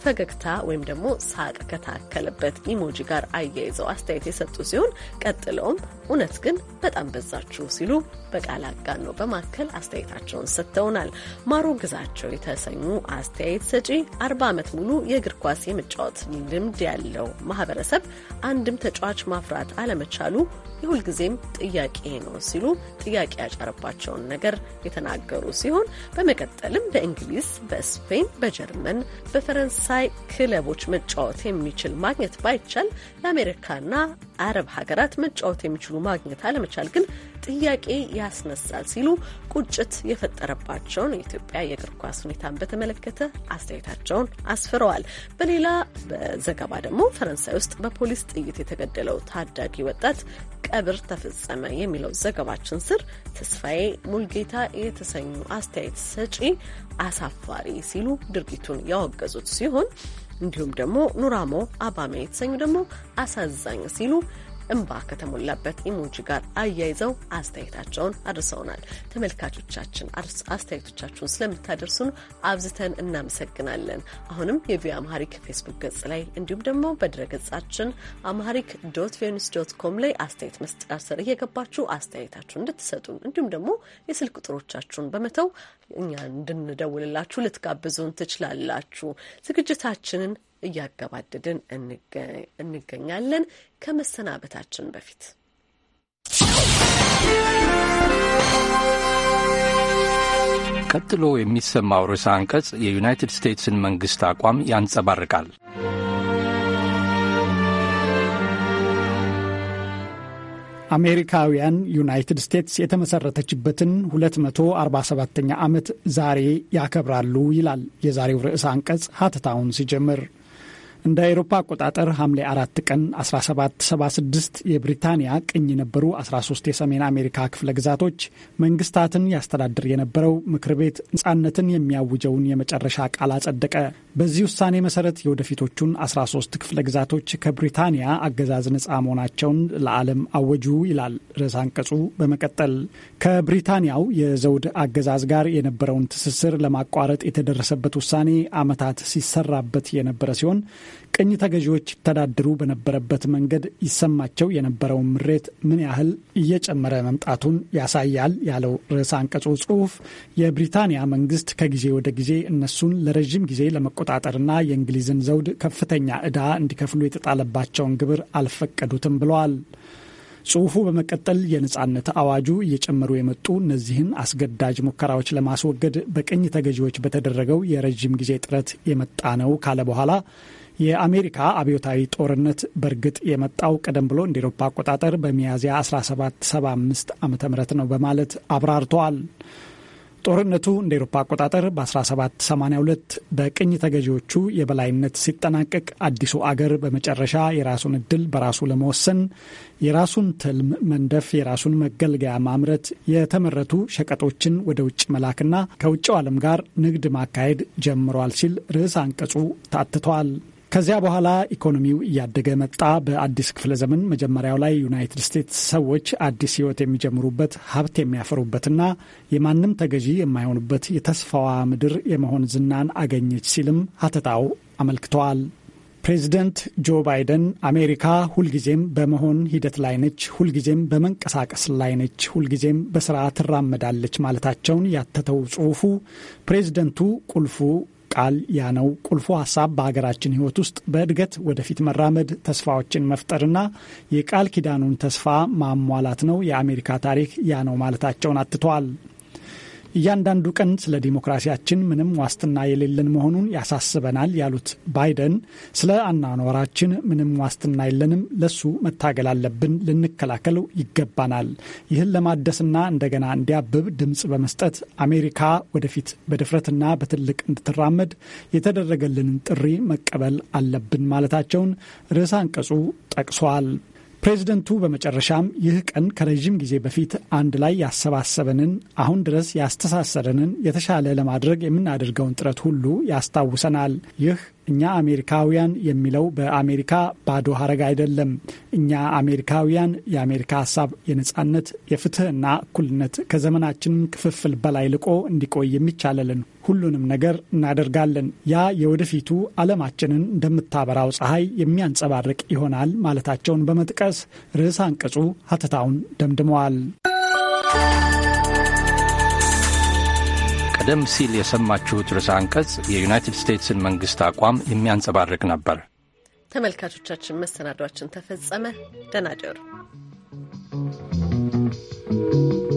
ፈገግታ ወይም ደግሞ ሳቅ ከታከለበት ኢሞጂ ጋር አያይዘው አስተያየት የሰጡ ሲሆን ቀጥለውም እውነት ግን በጣም በዛችሁ ሲሉ በቃል ነው በማከል አስተያየታቸውን ሰጥተውናል። ማሮ ግዛቸው የተሰኙ አስተያየት ሰጪ አርባ ዓመት ሙሉ የእግር ኳስ የመጫወት ልምድ ያለው ማህበረሰብ አንድም ተጫዋች ማፍራት አለመቻሉ የሁልጊዜም ጥያቄ ነው ሲሉ ጥያቄ ያጫረባቸውን ነገር የተናገሩ ሲሆን በመቀጠልም በእንግሊዝ፣ በስፔን፣ በጀርመን፣ በፈረንሳይ ክለቦች መጫወት የሚችል ማግኘት ባይቻል ለአሜሪካና አረብ ሀገራት መጫወት የሚችሉ ማግኘት አለመቻል ግን ጥያቄ ያስነሳል ሲሉ ቁጭት የፈጠረባቸውን የኢትዮጵያ የእግር ኳስ ሁኔታን በተመለከተ አስተያየታቸውን አስፍረዋል። በሌላ በዘገባ ደግሞ ፈረንሳይ ውስጥ በፖሊስ ጥይት የተገደለው ታዳጊ ወጣት ቀብር ተፈጸመ የሚለው ዘገባችን ስር ተስፋዬ ሙልጌታ የተሰኙ አስተያየት ሰጪ አሳፋሪ ሲሉ ድርጊቱን ያወገዙት ሲሆን እንዲሁም ደግሞ ኑራሞ አባሜ የተሰኙ ደግሞ አሳዛኝ ሲሉ እንባ ከተሞላበት ኢሞጂ ጋር አያይዘው አስተያየታቸውን አድርሰውናል። ተመልካቾቻችን አስተያየቶቻችሁን ስለምታደርሱን አብዝተን እናመሰግናለን። አሁንም የቪኦኤ አምሃሪክ ፌስቡክ ገጽ ላይ እንዲሁም ደግሞ በድረ ገጻችን አምሃሪክ ዶት ቬኒስ ዶት ኮም ላይ አስተያየት መስጫ ስር እየገባችሁ አስተያየታችሁ እንድትሰጡን እንዲሁም ደግሞ የስልክ ቁጥሮቻችሁን በመተው እኛ እንድንደውልላችሁ ልትጋብዙን ትችላላችሁ። ዝግጅታችንን እያገባደድን እንገኛለን። ከመሰናበታችን በፊት ቀጥሎ የሚሰማው ርዕሰ አንቀጽ የዩናይትድ ስቴትስን መንግሥት አቋም ያንጸባርቃል። አሜሪካውያን ዩናይትድ ስቴትስ የተመሰረተችበትን 247ኛ ዓመት ዛሬ ያከብራሉ ይላል የዛሬው ርዕሰ አንቀጽ ሀተታውን ሲጀምር እንደ አውሮፓ አቆጣጠር ሐምሌ አራት ቀን 1776 የብሪታንያ ቅኝ የነበሩ 13 የሰሜን አሜሪካ ክፍለ ግዛቶች መንግስታትን ያስተዳድር የነበረው ምክር ቤት ነጻነትን የሚያውጀውን የመጨረሻ ቃል አጸደቀ። በዚህ ውሳኔ መሰረት የወደፊቶቹን 13 ክፍለ ግዛቶች ከብሪታንያ አገዛዝ ነጻ መሆናቸውን ለዓለም አወጁ ይላል ርዕስ አንቀጹ በመቀጠል ከብሪታንያው የዘውድ አገዛዝ ጋር የነበረውን ትስስር ለማቋረጥ የተደረሰበት ውሳኔ ዓመታት ሲሰራበት የነበረ ሲሆን ቅኝ ተገዢዎች ይተዳድሩ በነበረበት መንገድ ይሰማቸው የነበረውን ምሬት ምን ያህል እየጨመረ መምጣቱን ያሳያል ያለው ርዕሰ አንቀጹ ጽሑፍ የብሪታንያ መንግስት ከጊዜ ወደ ጊዜ እነሱን ለረዥም ጊዜ ለመቆጣጠርና የእንግሊዝን ዘውድ ከፍተኛ ዕዳ እንዲከፍሉ የተጣለባቸውን ግብር አልፈቀዱትም ብለዋል። ጽሁፉ በመቀጠል የነጻነት አዋጁ እየጨመሩ የመጡ እነዚህን አስገዳጅ ሙከራዎች ለማስወገድ በቅኝ ተገዢዎች በተደረገው የረዥም ጊዜ ጥረት የመጣ ነው ካለ በኋላ የአሜሪካ አብዮታዊ ጦርነት በእርግጥ የመጣው ቀደም ብሎ እንደ ኤሮፓ አቆጣጠር በሚያዝያ 1775 ዓ ም ነው በማለት አብራርተዋል። ጦርነቱ እንደ ኤሮፓ አቆጣጠር በ1782 በቅኝ ተገዢዎቹ የበላይነት ሲጠናቀቅ አዲሱ አገር በመጨረሻ የራሱን እድል በራሱ ለመወሰን የራሱን ትልም መንደፍ፣ የራሱን መገልገያ ማምረት፣ የተመረቱ ሸቀጦችን ወደ ውጭ መላክና ከውጭው ዓለም ጋር ንግድ ማካሄድ ጀምሯል ሲል ርዕስ አንቀጹ ታትቷል። ከዚያ በኋላ ኢኮኖሚው እያደገ መጣ። በአዲስ ክፍለ ዘመን መጀመሪያው ላይ ዩናይትድ ስቴትስ ሰዎች አዲስ ሕይወት የሚጀምሩበት ሀብት የሚያፈሩበትና የማንም ተገዢ የማይሆኑበት የተስፋዋ ምድር የመሆን ዝናን አገኘች ሲልም ሀተታው አመልክተዋል። ፕሬዚደንት ጆ ባይደን አሜሪካ ሁልጊዜም በመሆን ሂደት ላይ ነች፣ ሁልጊዜም በመንቀሳቀስ ላይ ነች፣ ሁልጊዜም በስራ ትራመዳለች ማለታቸውን ያተተው ጽሁፉ። ፕሬዚደንቱ ቁልፉ ቃል ያ ነው ቁልፉ ሀሳብ በሀገራችን ህይወት ውስጥ በእድገት ወደፊት መራመድ ተስፋዎችን መፍጠርና የቃል ኪዳኑን ተስፋ ማሟላት ነው። የአሜሪካ ታሪክ ያ ነው ማለታቸውን አትተዋል። እያንዳንዱ ቀን ስለ ዲሞክራሲያችን ምንም ዋስትና የሌለን መሆኑን ያሳስበናል ያሉት ባይደን ስለ አናኗራችን ምንም ዋስትና የለንም፣ ለሱ መታገል አለብን፣ ልንከላከል ይገባናል። ይህን ለማደስና እንደገና እንዲያብብ ድምፅ በመስጠት አሜሪካ ወደፊት በድፍረትና በትልቅ እንድትራመድ የተደረገልንን ጥሪ መቀበል አለብን ማለታቸውን ርዕሰ አንቀጹ ጠቅሷል። ፕሬዚደንቱ በመጨረሻም ይህ ቀን ከረዥም ጊዜ በፊት አንድ ላይ ያሰባሰበንን አሁን ድረስ ያስተሳሰረንን የተሻለ ለማድረግ የምናደርገውን ጥረት ሁሉ ያስታውሰናል። ይህ እኛ አሜሪካውያን የሚለው በአሜሪካ ባዶ ሀረግ አይደለም። እኛ አሜሪካውያን የአሜሪካ ሀሳብ የነጻነት፣ የፍትህና እኩልነት ከዘመናችን ክፍፍል በላይ ልቆ እንዲቆይ የሚቻለልን ሁሉንም ነገር እናደርጋለን። ያ የወደፊቱ ዓለማችንን እንደምታበራው ፀሐይ የሚያንጸባርቅ ይሆናል ማለታቸውን በመጥቀስ ርዕስ አንቀጹ ሀተታውን ደምድመዋል። ቀደም ሲል የሰማችሁት ርዕሰ አንቀጽ የዩናይትድ ስቴትስን መንግሥት አቋም የሚያንጸባርቅ ነበር። ተመልካቾቻችን መሰናዷችን ተፈጸመ። Thank you.